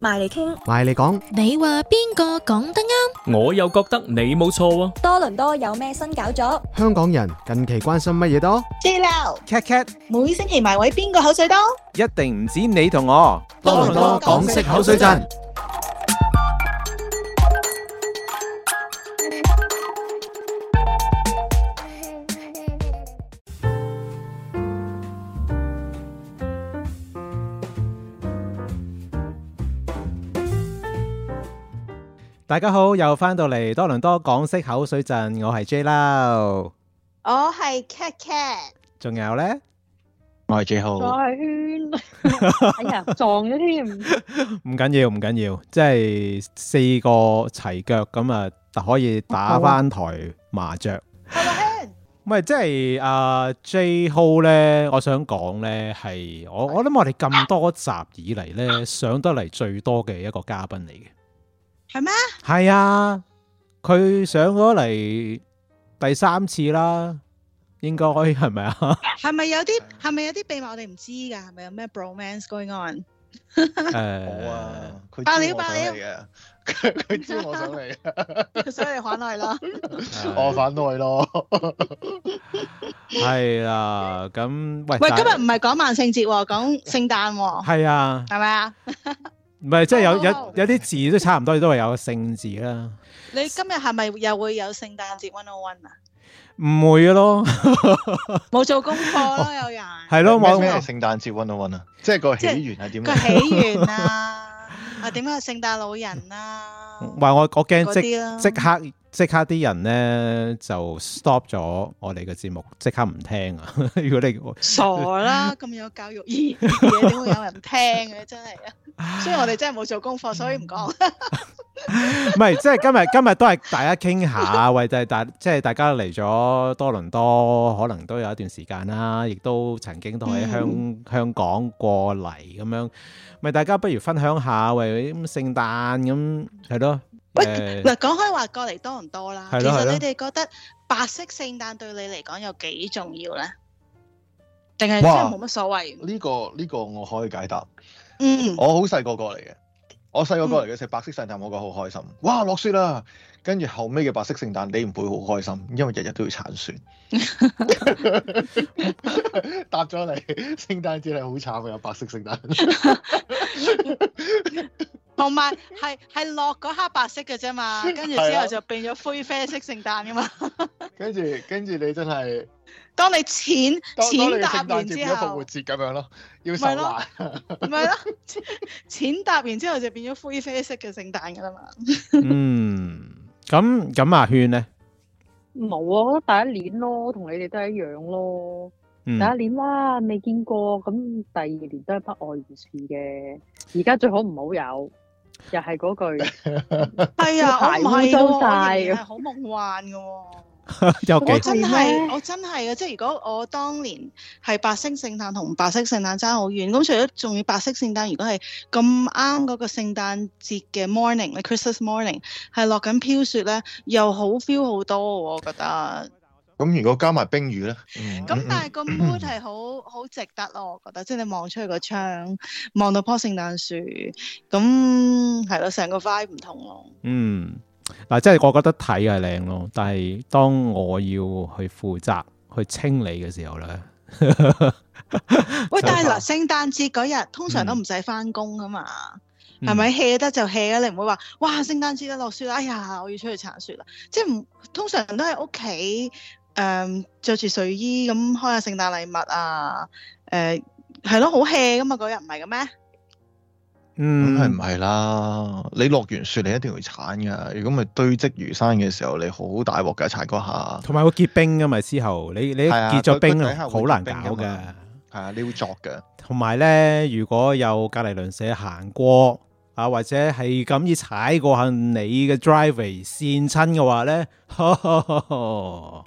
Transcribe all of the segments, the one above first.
埋嚟傾，埋嚟講，你話邊個講得啱？我又覺得你冇錯。多倫多有咩新搞作？香港人近期關心乜嘢多？JLau、Kat Kat，每星期埋位邊個口水多？一定唔止你同我。多倫多港式口水陣。大家好，又翻到嚟多倫多港式口水陣，我係 JLau，我係 Cat Cat，仲有咧，我係 J Ho，我係 Huen， 哎呀，撞咗添，唔 緊要，要，唔緊要，要，即係四個齊腳咁啊，可以打翻台麻雀。係咪唔係？ 即係阿、uh, J Ho 咧，我想講咧，係我我諗我哋咁多集以嚟咧上得嚟最多嘅一個嘉賓嚟嘅。係咩？係啊，佢上咗嚟第三次啦，應該可以係咪啊？係咪有啲係咪有啲秘密我哋唔知噶？係咪有咩 bromance going on？冇啊，佢爆料爆料嚟嘅，佢佢知我想嚟啊，想嚟反內啦，我反內咯，係啦，咁喂喂，今日唔係講萬聖節，講聖誕，係啊，係咪啊？唔係，即係有有有啲字都差唔多，都係有個聖字啦。你今日係咪又會有聖誕節101啊？唔會咯，冇做功課咯，有人。係咯，冇。咩係聖誕節101啊？即係個起源係點？個起源啊？啊，點解聖誕老人啊？話我我驚即即刻。即刻啲人咧就 stop 咗我哋嘅節目，即刻唔聽啊！如果你傻啦了，咁 有教育意義嘅嘢點會有人聽啊？真係啊！ 所以我哋真係冇做功課，嗯、所以唔講。唔 係， 即、就、係、係、今日，今日都係大家傾下，為 就係大，即係大家嚟咗多倫多，可能都有一段時間啦，亦都曾經都喺香、嗯、香港過嚟咁樣，咪大家不如分享下，為咁聖誕咁係咯。喂，嗱，講開話過嚟多唔多啦？其實你哋覺得白色聖誕對你嚟講有幾重要呢？定係真係冇乜所謂？呢、這個呢、這個我可以解答。嗯，我好細個過嚟嘅，我細個過嚟嘅時候白色聖誕我覺得好開心。哇，落雪啦！跟住後尾嘅白色聖誕你唔會好開心，因為日日都要鏟雪。搭咗嚟，聖誕節係好慘嘅，有白色聖誕。 .同埋係係落嗰黑白色嘅啫嘛，跟住之後就變咗灰啡色聖誕噶嘛。啊、跟住跟住你真係，當你淺淺搭完之後，當要復活節咁樣咯，要手環，唔係咯，淺 搭完之後就變咗灰啡色嘅聖誕噶啦嘛。嗯，咁咁阿圈咧，冇啊，我覺得第一年咯，同你哋都係一樣咯，嗯、第一年啦、啊，未見過，咁第二年都係不外如是嘅，而家最好唔好有。又係嗰句，係 啊、哎，我唔係到大，係好夢幻㗎喎。我真係，我真係啊！即係如果我當年係白色聖誕同白色聖誕差好遠，咁除咗仲要白色聖誕，如果係咁啱嗰個聖誕節嘅 morning，Christmas morning 係落緊飄雪咧，又好 feel 好多，我覺得。咁如果加埋冰雨咧，咁、嗯嗯、但係個 mood 係好好值得咯，我覺得即係、就是、你望出去個窗，望到棵聖誕樹，咁係咯，成個 vibe 唔同咯。嗯，嗱、啊，即、就、係、是、我覺得睇係靚咯，但係當我要去負責去清理嘅時候咧， 喂，但係嗱，聖誕節嗰日通常都唔使翻工，啊嘛，係咪 hea 得就 hea，你唔會話哇，聖誕節都落雪啦，哎呀，我要出去鏟雪啦，即係唔，通常都喺屋企。誒、um,，着住睡衣咁開下聖誕禮物啊！誒、嗯，係咯，好 hea 噶嘛，嗰日唔係嘅咩？嗯，梗係唔係啦？你落完雪你一定會鏟噶，如果咪堆積如山嘅時候，你好大鑊噶，踩過下。同埋會結冰噶嘛，之後，你你結咗冰好難搞噶。係啊，你會作噶。同埋咧，如果有隔籬鄰舍行過啊，或者係咁意踩過下你嘅 driveway 跣親嘅話咧，呵呵呵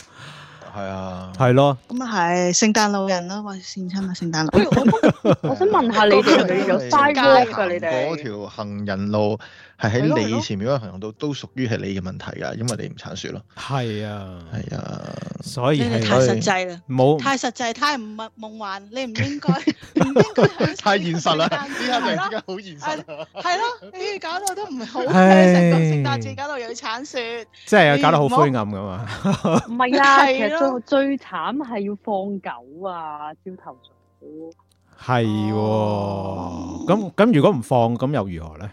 係啊，係、啊、咯，咁啊係聖誕老人咯，或者善親啊，聖誕老人，我想問下你啲人有晒街噶你哋？嗰 條行人路。 係喺你前面嗰個行動度，都屬於係你嘅問題噶，因為你唔鏟雪咯。係啊，係啊，所以，以你太實際啦，冇太實際，太唔夢夢幻，你唔應該，唔 應該 太現實啦。知唔知係咪而家好現實？係咯、啊啊啊，你搞到都唔好現實，成個聖誕節搞到又要鏟雪，即係、啊、搞得好灰暗噶嘛？唔 係啊，啊，其實最慘係要放狗啊，朝頭早，早。係、啊，咁、哦、咁如果唔放咁又如何咧？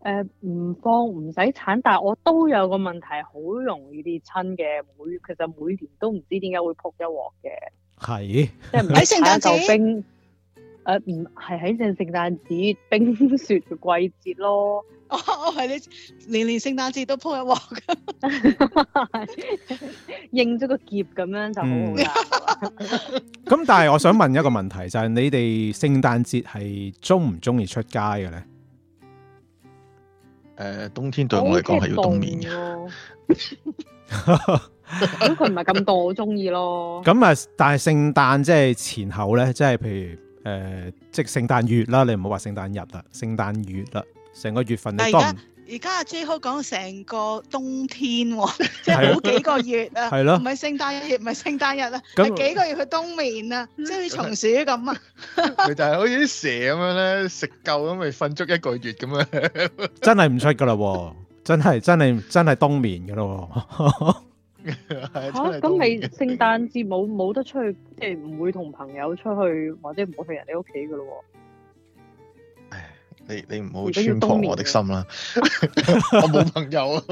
誒、呃，唔放唔使鏟，但係我都有個問題，好容易跌親嘅。每其實每年都唔知點解會扑一鑊嘅，係即係唔喺聖誕節？誒、就是，唔係喺正聖誕節冰雪嘅季節咯。哦，係、哦、你年年聖誕節都扑一鑊，應 咗 個劫咁樣就冇啦。咁、嗯、 但係我想問一個問題，就係、是、你哋聖誕節係中唔中意出街嘅咧？誒、呃、冬天對我嚟講係要冬眠嘅，如佢唔係咁多，我中意咯。咁 啊，但係聖誕即係前後咧，即係譬如誒、呃，即係聖誕月啦，你唔好話聖誕日啦，聖誕月啦，成個月份你都唔。而家阿 J Ho 講成個冬天喎，即係好幾個月啊，唔係聖誕夜，唔係聖誕日啦，係幾個月去冬眠啊，即係像松鼠咁啊。佢就係好似啲蛇咁樣咧，食夠咁咪瞓足一個月咁樣。 真係唔出噶啦，真係真係真係冬眠噶咯。嚇、 啊，咁你聖誕節冇冇得出去，即係唔會同朋友出去，或者唔會去人哋屋企噶咯。你你唔好穿破我的心啦！ 我冇朋友啊，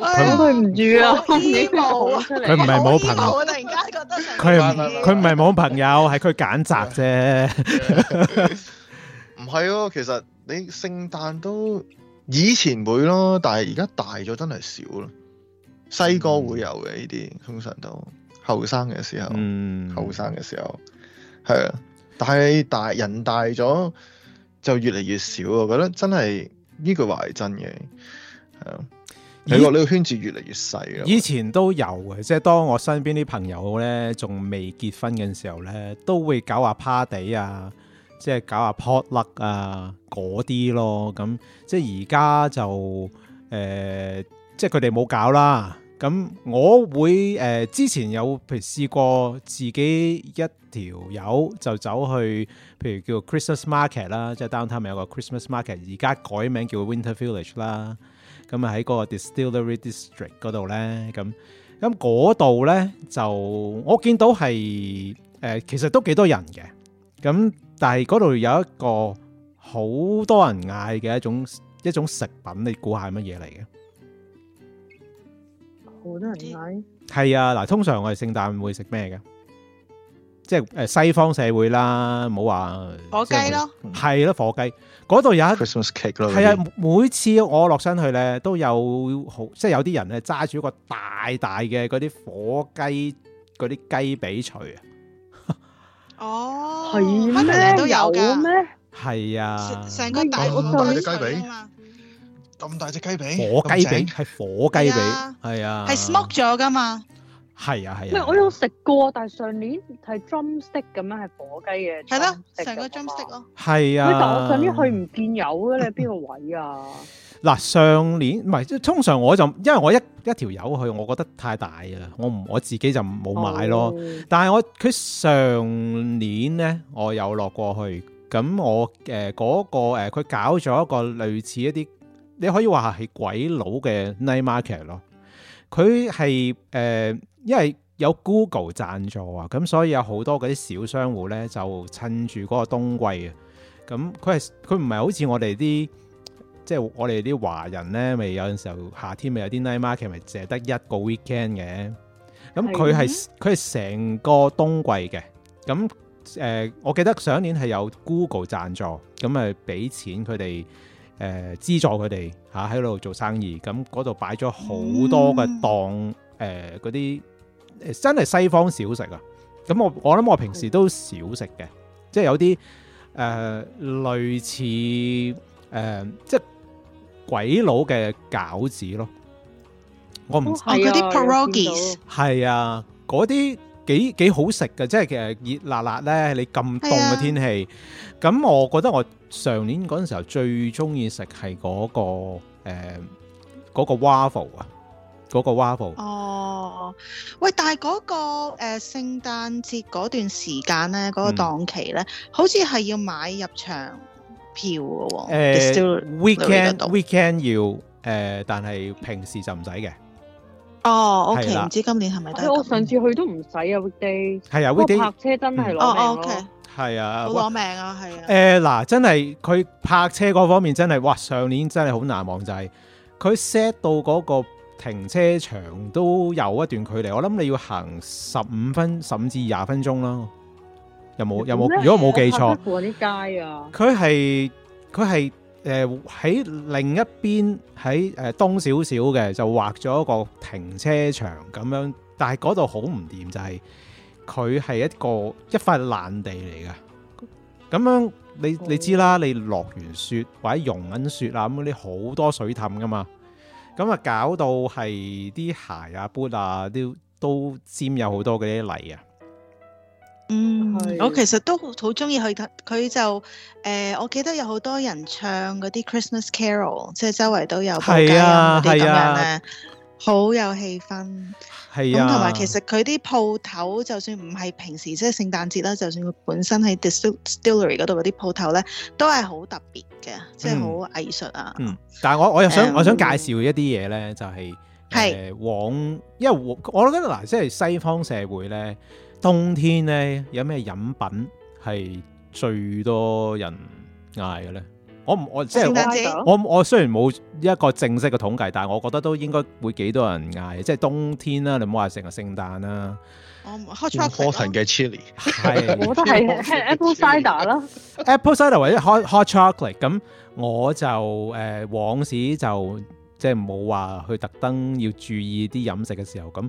佢唔住啊，恐怖啊！佢唔係冇朋友，我突然間覺得佢唔佢唔係冇朋友，係佢揀擇啫。唔係哦，其實你聖誕都以前都會咯，但係而家大咗真係少咯。細個會有嘅呢啲，通常都後生嘅時候，後生嘅時候係啊。但係大人大咗。就越嚟越少，我覺得真係呢句話係真嘅，係啊，你話呢個圈子越嚟越細啊！以前都有嘅，即係當我身邊啲朋友咧仲未結婚嘅時候咧，都會搞下、啊、party 啊，即係搞下 potluck 啊嗰啲、啊、咯，咁即係而家就誒、呃，即係佢哋冇搞啦。咁我會誒、呃、之前有譬如試過自己一條友就走去，譬如叫 Christmas Market 啦，即係 Downtown 有個 Christmas Market，而家改名叫 Winter Village 啦。咁啊喺個個 Distillery District 嗰度咧，咁咁嗰度咧就我見到係、呃、其實都幾多人嘅，咁但係嗰度有一個好多人嗌嘅一種一種食品，你估下係乜嘢嚟嘅？好多人睇，係啊嗱，通常我哋聖誕會食咩㗎？即係誒，西方社會啦，冇話火雞咯，係咯、啊、火雞嗰度有一，係啊，每次我落身去咧都有好，即係有啲人咧揸住一個大大嘅嗰啲火雞嗰啲雞髀鎚啊，哦，係乜都有嘅。咩？係啊，成根大骨嗰啲雞髀。咁大隻雞髀，火雞髀係火雞髀，係啊，係 smoke 咗噶嘛，係啊係啊。唔係我有食過，但係上年係 drum stick 咁樣係火雞嘅，係咯，成個 drum stick 咯，係啊。但係我上年去唔見有嘅，你喺邊個位啊？嗱，上年唔係通常我就因為我一一條友去，我覺得太大嘅啦，我唔我自己就冇買咯。但係我佢上年咧，我有落過去咁，我誒嗰個誒佢搞咗一個類似一啲。你可以話係鬼佬嘅 night market 咯，佢係誒，因為有 Google 贊助啊，咁所以有好多嗰啲小商戶咧就趁住嗰個冬季啊，咁佢係佢唔係好似我哋啲，即係我哋啲華人咧，咪有陣時候夏天咪有啲 night market 咪淨係得一個 weekend 嘅，咁佢係佢係成個冬季嘅，咁誒、呃，我記得上一年係有 Google 贊助，咁咪俾錢佢哋。誒、呃、資助佢哋嚇喺度做生意，咁嗰度擺咗好多嘅檔，嗰、嗯、啲、呃、真係西方小食啊！咁我我諗我平時都少食嘅，即係有啲、呃、類似、呃、即係鬼佬嘅餃子咯，我唔知，啲 pierogies 係啊嗰啲。幾幾好食㗎，即係其實熱辣辣咧，你咁凍嘅天氣，咁、啊、我覺得我上年嗰陣時候最中意食係嗰個誒嗰、呃那個 waffle 啊，嗰個 waffle。哦，喂，但係嗰、那個誒聖誕節嗰段時間咧，嗰、那個檔期咧、嗯，好似係要買入場票㗎喎、哦。誒，weekend weekend 要，誒、呃，但係平時就唔使嘅。哦，O K，唔知今年係咪得？我上次去都唔使啊 weekday。係啊，weekday。泊車真係攞命咯。係啊，攞命啊，係、嗯哦 okay，啊。嗱、啊啊呃，真係佢泊車嗰方面真係，哇！上年真係好難忘，就係、是、佢 set 到嗰個停車場都有一段距離，我諗你要行十五分，十五至廿分鐘啦。有冇有冇？如果冇記錯。啲街啊！佢係佢係。誒喺另一邊，喺誒東少少嘅，就畫咗一個停車場咁樣，但係嗰度好唔掂，就係佢係一個一塊爛地嚟嘅咁樣。你你知啦，你落完雪或者融緊雪啊，咁啲好多水氹噶嘛，咁啊搞到係啲鞋啊、杯啊都都沾有好多嗰啲泥啊。嗯，我其實都好中意去睇，佢就誒、呃，我記得有好多人唱嗰啲 Christmas Carol，即係周圍都有佈景啲咁樣咧，好、啊、有氣氛。係咁、啊，同埋其實佢啲鋪頭，就算唔係平時即係聖誕節啦，就算佢本身喺 Distillery 嗰度嗰啲鋪頭咧，都係好特別嘅、嗯，即係好藝術啊。嗯，但係我我又想、嗯、我想介紹一啲嘢咧，就係、是、誒、呃、往，因為我我覺得嗱，即係西方社會咧。冬天咧，有咩飲品係最多人嗌嘅咧？我唔我即係我我雖然冇一個正式嘅統計，但係我覺得都應該會幾多人嗌，即係冬天啦、啊。你唔好話成日聖誕啦，我 hot chocolate 嘅 chili 係 我覺得係 apple cider 啦、啊、 ，apple cider 或者 hot, hot chocolate。咁我就誒、呃、往時就即係冇話去特登要注意啲飲食嘅時候咁。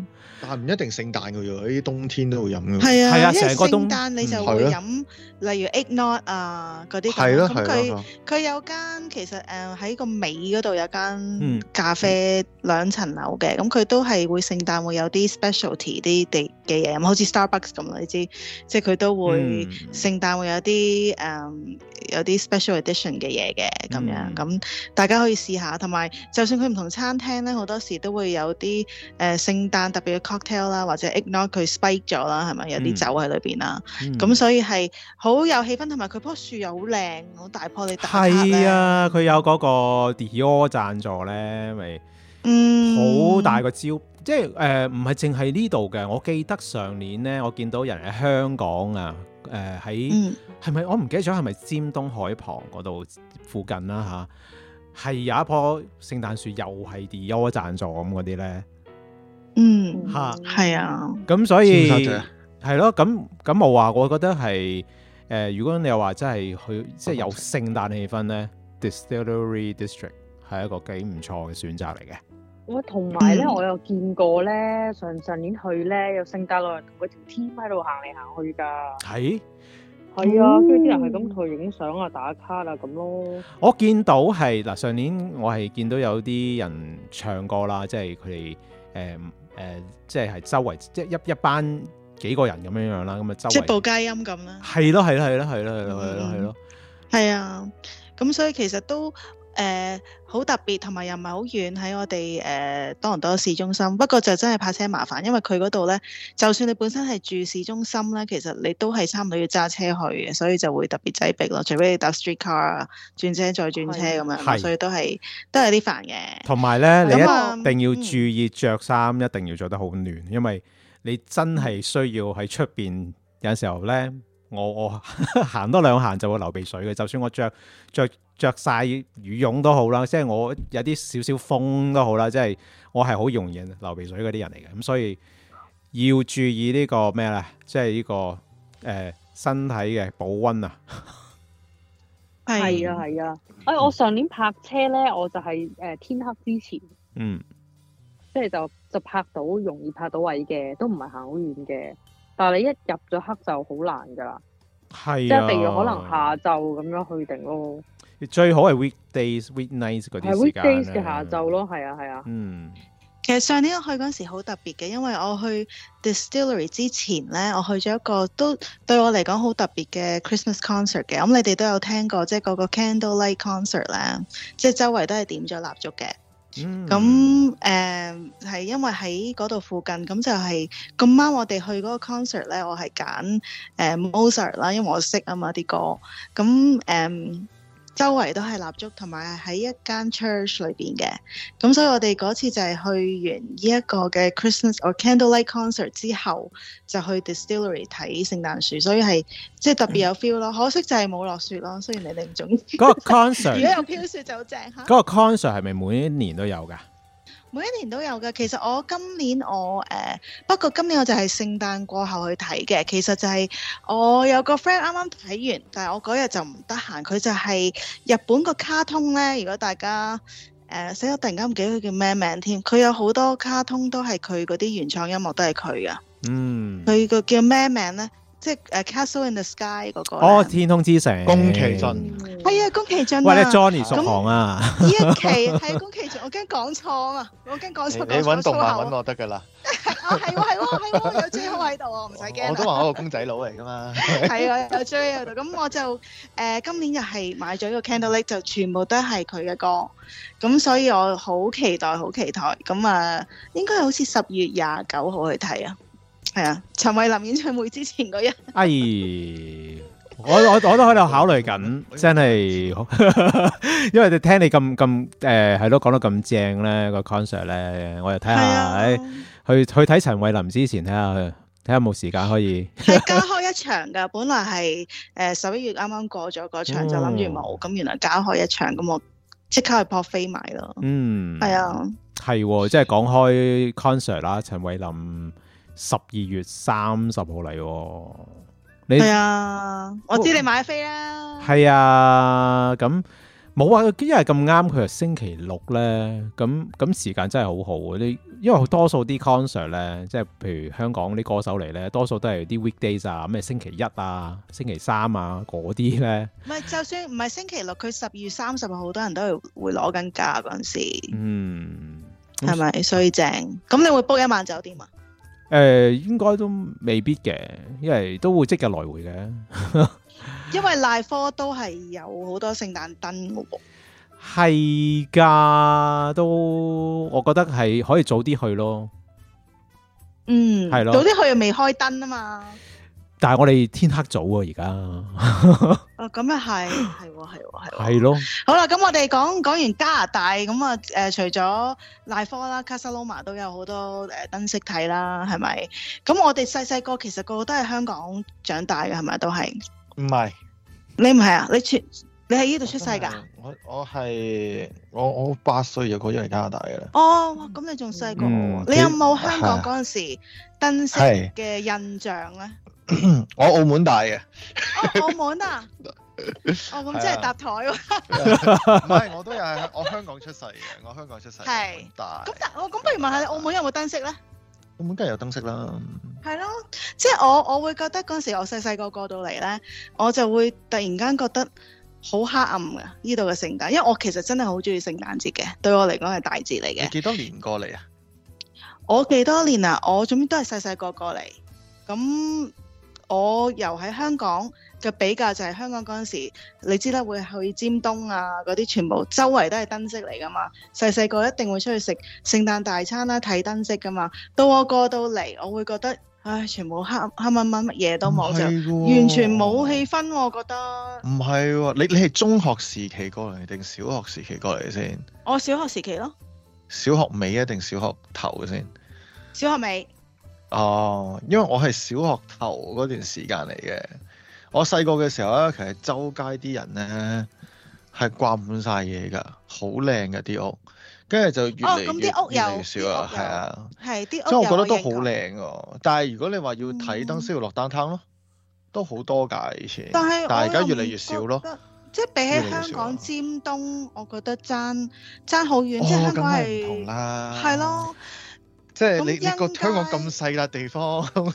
唔一定聖誕嘅喎，啲冬天都會飲嘅。係啊，係啊，成個聖誕你就會飲、啊啊，例如 eggnog 啊嗰啲。係咯，佢佢、啊、有間其實誒喺、uh, 個尾嗰度有間咖啡兩層樓嘅，咁佢、嗯、都係會聖誕會有啲 specialty 啲地嘅嘢，咁、嗯、好似 Starbucks 咁你知，即係佢都會聖誕會有啲誒、嗯嗯、有啲 special edition 嘅嘢嘅咁樣咁、嗯嗯、大家可以試下。同埋就算佢唔同餐廳咧，好多時都會有啲誒聖誕特別嘅 tell 啦，或者 ignore 佢 spike 咗啦，係咪有啲酒喺裏邊啦？咁、嗯、所以係好有氣氛，同埋佢樖樹又好靚，好大棵你打卡咧。係啊，佢有嗰個 Dior 贊助咧，咪嗯好大個招，嗯、即係誒唔係淨係呢度嘅。我記得上年咧，我見到人喺香港啊，誒喺係咪我唔記得咗係咪尖東海旁嗰度附近啦、啊、吓，係有一棵聖誕樹又係 Dior 贊助咁嗰啲咧。嗯嚇，係啊，咁所以係咯，咁咁我話，我覺得係誒，如果你又話真係去，即係有聖誕氣氛咧，Distillery District 係一個幾唔錯嘅選擇嚟嘅。我同埋咧，我又見過咧，上上年去咧，有聖誕老人同佢條 team 喺度行嚟行去㗎。係，係啊，跟住啲人係咁同佢影相啊、打卡啊咁咯。我見到係嗱，上年我係見到有啲人唱歌啦，即係佢哋誒。呃、即係周圍，即係一一班幾個人咁樣樣啦，咁啊周圍。即報佳音咁啦。係咯係咯係咯係咯係咯係咯係咯。係啊，咁、嗯、所以其實都。誒、呃、好特別，同埋又唔係好遠喺我哋誒多倫多市中心，不過就真係泊車麻煩，因為佢嗰度呢，就算你本身係住市中心呢，其實你都係差唔多要揸車去嘅，所以就會特別擠逼咯。除非你搭 street car 啊，轉車再轉車咁樣，所以都係都係啲煩嘅。同埋呢，你一定要注意着衫，一定要着得好暖、嗯，因為你真係需要喺出邊。有時候呢，我我 行多兩行就會流鼻水嘅，就算我着，着着晒羽絨都好啦，即係我有啲少少風都好啦。即係我係好容易流鼻水嗰啲人嚟嘅，咁所以要注意呢個咩咧？即係呢個誒身體嘅保溫啊。係 啊，係啊。哎，我上年泊車咧，我就係誒天黑之前，嗯，即係就就泊到容易泊到位嘅，都唔係行好遠嘅。但係你一入咗黑就好難噶啦，係、啊、即係一定要可能下晝咁樣去定咯。最好係 weekdays weeknight、weeknights 嗰啲時間啊。係 weekdays 嘅下晝咯，係啊，係啊。嗯，其實上年我去嗰陣時好特別嘅，因為我去 distillery 之前咧，我去咗一個都對我嚟講好特別嘅 Christmas concert 嘅。咁你哋都有聽過，即係嗰個 candlelight concert 咧，即係周圍都係點咗蠟燭嘅。嗯，咁誒係因為喺嗰度附近，咁就係咁啱，我哋去嗰個 concert 咧，我、呃、係揀誒 Mozart 啦，因為我識啊嘛啲歌，咁誒。呃周圍都係蠟燭，同埋喺一間 church 裏邊嘅。咁所以，我哋嗰次就係去完呢一個嘅 Christmas or Candlelight Concert 之後，就去 Distillery 睇聖誕樹，所以係即係特別有 feel 咯。可惜就係冇落雪咯。雖然你哋唔中意，嗰個 concert。 如果有飄雪就正吓。啊，嗰個 concert 係咪每一年都有㗎？每一年都有嘅，其實我今年我誒不過今年我就係聖誕過後去睇嘅，其實就係我有個 friend 啱啱睇完，但係我嗰日就唔得閒，佢就係日本個卡通呢。如果大家誒，所以我突然間唔記得佢叫咩名添，佢有好多卡通都係佢嗰啲原創音樂都係佢嘅，嗯，佢個叫咩名呢？即係誒 Castle in the Sky 嗰個哦，oh, 天空之城，宮崎駿。係、嗯、啊，宮崎駿啊。喂，你 Johnny 熟講啊？依一期係宮崎駿，我驚講錯啊，我驚講錯。你揾動漫揾我得㗎啦。啊係喎係喎係喎，有追好喺度啊，唔使驚。我都話我係公仔佬嚟㗎嘛。係 啊，有追喺度。咁我就誒、呃、今年又係買咗一個 Candlelight 就全部都係佢嘅歌，咁所以我好期待，好期待，咁啊應該好似十月廿九號去睇啊。係啊，陳慧琳演唱會之前嗰日，哎，我我我都喺度考慮緊、哎，真係， 因為你聽你咁咁誒，係、嗯、咯，講、呃、得咁正咧個 concert 咧，我又睇下、啊哎、去去睇陳慧琳之前睇下，睇下冇時間可以。係加開一場噶， 本來係誒十一月啱啱過咗個場，就諗住冇，咁、哦、原來加開一場，咁我即刻去撲飛埋咯。嗯，係啊，係、啊啊啊、即係講開 concert 啦，陳慧琳。十二月三十號嚟，你係啊，我知你買飛啦，係、哦、啊，咁冇啊，因為咁啱佢係星期六咧，咁咁時間真係好好啊！你因為多數啲 concert 咧，即係譬如香港啲歌手嚟咧，多數都係啲 weekdays 啊，咩星期一啊、星期三啊嗰啲咧，唔係就算唔係星期六，佢十二月三十號好多人都係會攞緊假嗰陣時，嗯，係咪所以正？咁你會 book 一晚酒店啊？誒、呃、應該都未必嘅，因為都會即日來回嘅。 因為賴科都係有好多聖誕燈㗎，係㗎，都我覺得係可以早啲去咯。嗯，係咯，早啲去又未開燈啊嘛。但係我哋天黑早喎、啊，而家 哦，咁咪係，係喎、哦，係喎、哦，係喎、哦，係咯。好啦，咁我哋講講完加拿大，咁啊，誒、呃，除咗賴科啦、卡薩洛瑪都有好多誒燈飾睇啦，係咪？咁我哋細細個其實個個都係香港長大嘅，係咪？都係唔係？你唔係啊？你，全你出你喺呢度出世噶？我我係我我，我八歲就過咗嚟加拿大嘅啦。哦，咁你仲細過、嗯、你有冇香港嗰陣時燈飾嘅印象咧？嗯咳咳我澳門大嘅 ，澳門啊，哦咁即係搭台喎，唔係我都有，我香港出世嘅，我香港出世，係大，咁但係我咁不如問下澳門有冇燈飾咧？澳門梗係有燈飾啦，係咯，啊，即係我我會覺得嗰陣時我細細個過到嚟咧，我就會突然間覺得好黑暗嘅呢度嘅聖誕，因為我其實真係好中意聖誕節嘅，對我嚟講係大節嚟嘅。你幾多年過嚟啊？我幾多年啊？我總之都係細細個過嚟，咁。我由喺香港嘅比較就係香港嗰陣時，你知啦，會去尖東啊，嗰啲全部周圍都係燈飾嚟㗎嘛。細細個一定會出去食聖誕大餐啦、啊，睇燈飾㗎嘛。到我過到嚟，我會覺得唉，全部黑黑乜乜乜嘢都冇就、哦、完全冇氣氛，我覺得。唔係喎，你你係中學時期過嚟定小學時期過嚟先？我小學時期咯。小學尾定小學頭先？小學尾。哦，因為我係小學頭嗰段時間嚟嘅，我細個嘅時候咧，其實周街啲人咧係掛滿晒嘢㗎，好靚嘅啲屋，跟住就越嚟越、哦、咁啲越嚟越少屋啊，係啊，係啲屋，所以我覺得都好靚㗎。但係如果你話要睇燈，需要落 downtown 囉，都好多㗎、啊、以前，但係而家越嚟越少咯。即係比起香港尖東，我覺得爭爭好遠，即係香港係唔同啦，係咯。即係你你個香港咁細笪地方，就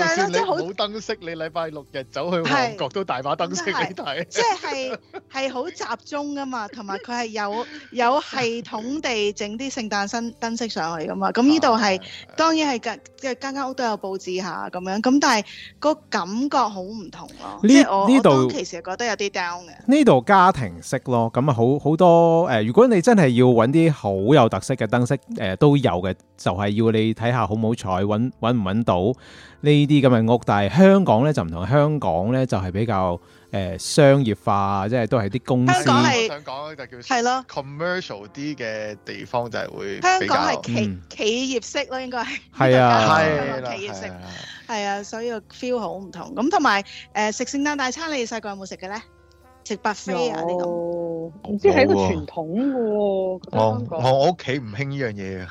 算你冇燈飾，你禮拜六日走去旺角都大把燈飾你睇。即係係好集中噶嘛，同埋佢係有有系統地整啲聖誕新燈飾上去噶嘛。咁依度係當然係間嘅間間屋都有佈置下咁樣，咁但係個感覺好唔同咯。即係我呢度其實覺得有啲 down 嘅。呢度家庭式咯，咁啊好好多誒。如果你真係要揾啲好有特色嘅燈飾，誒都有嘅就係。係要你睇下好唔好彩，搵搵唔搵到呢啲咁嘅屋。但係香港咧，就唔同，香港咧就係比較誒商業化，即係都係啲公司。香港係想講就叫係咯 commercial 啲嘅地方就係會香港係企企業式咯，應該係係啊係啦係啊，所以個 feel 好唔同。咁同埋誒食聖誕大餐，你哋細個有冇食嘅咧？食 buffet 啊！哦，唔知係一個傳統噶喎。我我我屋企唔興呢樣嘢啊。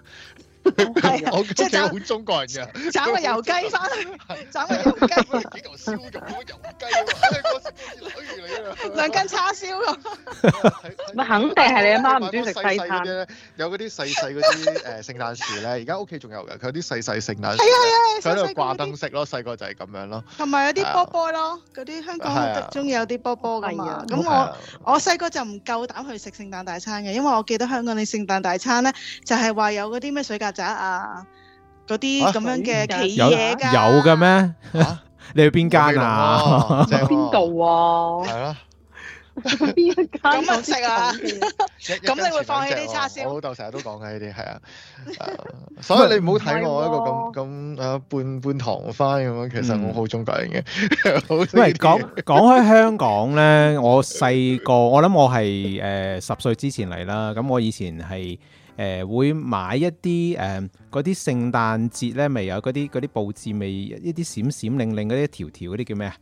好，即係斬好中國人㗎，斬、啊就是、個油雞翻，斬、啊個，啊、個油雞， 幾嚿燒肉油，油 哎哎哎、兩斤叉燒咁、 哎哎哎哎哎。肯定係你阿媽唔中意食西餐。哎、有嗰啲細細嗰啲誒聖誕樹咧，而 家屋企仲有嘅，佢有啲細細聖誕樹，係啊係啊，啊掛燈飾咯，細個就係咁樣咯。同埋有啲波波咯，嗰啲、啊、香港特中意有啲波波㗎嘛。咁、啊、我、啊、我細個就唔夠膽去食聖誕大餐嘅，因為我記得香港啲聖誕大餐咧，就係、是、話有嗰啲咩水就啊，嗰啲咁樣嘅企嘢㗎，有嘅咩？你去邊間啊？喺邊度啊？係咯，邊間唔食啊？咁你會放棄啲叉燒？我老豆成日都講嘅呢啲係啊，所以你唔好睇我一個咁咁啊半半糖花咁樣，其實我好中國人嘅。喂，講講開香港咧，我細個我諗我係誒十歲之前嚟啦，咁我以前係。誒、呃、會買一啲誒嗰啲聖誕節咧，咪有嗰啲啲佈置，未一啲閃閃令令嗰啲條條嗰啲叫咩啊？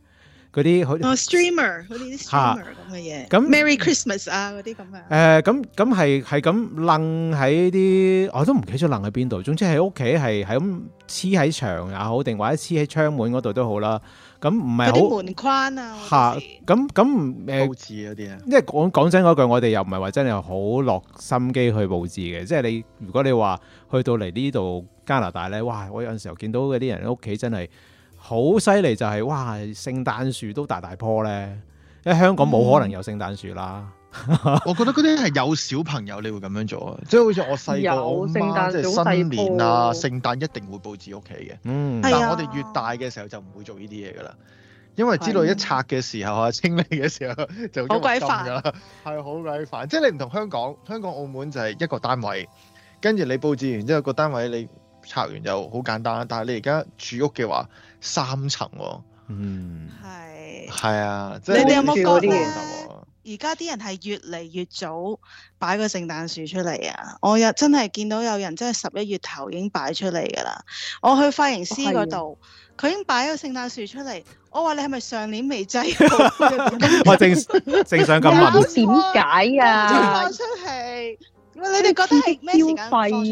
嗰啲好，哦，Streamer，嗰啲 Streamer 咁嘅嘢。咁 Merry Christmas 啊，嗰啲咁嘅。誒咁咁係係咁掕喺啲，我都唔記得咗掕喺邊度。總之喺屋企係喺咁黐喺牆那也好，定或者黐喺窗門嗰度都好啦。咁唔係好門框啊嚇，咁咁咩佈置嗰啲啊，即係講講真嗰句，我哋又唔係話真係好落心機去佈置嘅。即係你如果你話去到嚟呢度加拿大咧，哇！我有陣時候見到嗰啲人屋企真係好犀利，就係哇聖誕樹都大大棵咧，因為香港冇可能有聖誕樹啦。嗯 我覺得嗰啲係有小朋友你會咁樣做啊，即係好似我細個，即係新年啊，聖誕一定會佈置屋企嘅。嗯，但我哋越大嘅時候就唔會做呢啲嘢噶啦，因為知道一拆嘅時候啊，清理嘅時候就好鬼煩噶啦。係好鬼煩，即係你唔同香港，香港澳門就係一個單位，跟住你佈置完之後，個單位你拆完就好簡單。但係你而家住屋嘅話，三層喎，哦。嗯，係係啊，啊，你有冇啲？嗯而家啲人係越嚟越早擺個聖誕樹出嚟啊！我又真係見到有人真係十一月頭已經擺出嚟㗎啦。我去髮型師嗰度，佢、哦、已經擺咗個聖誕樹出嚟。我話你係咪上年未制？ 我正正想咁問點解啊？放出嚟，你哋覺得係咩時間放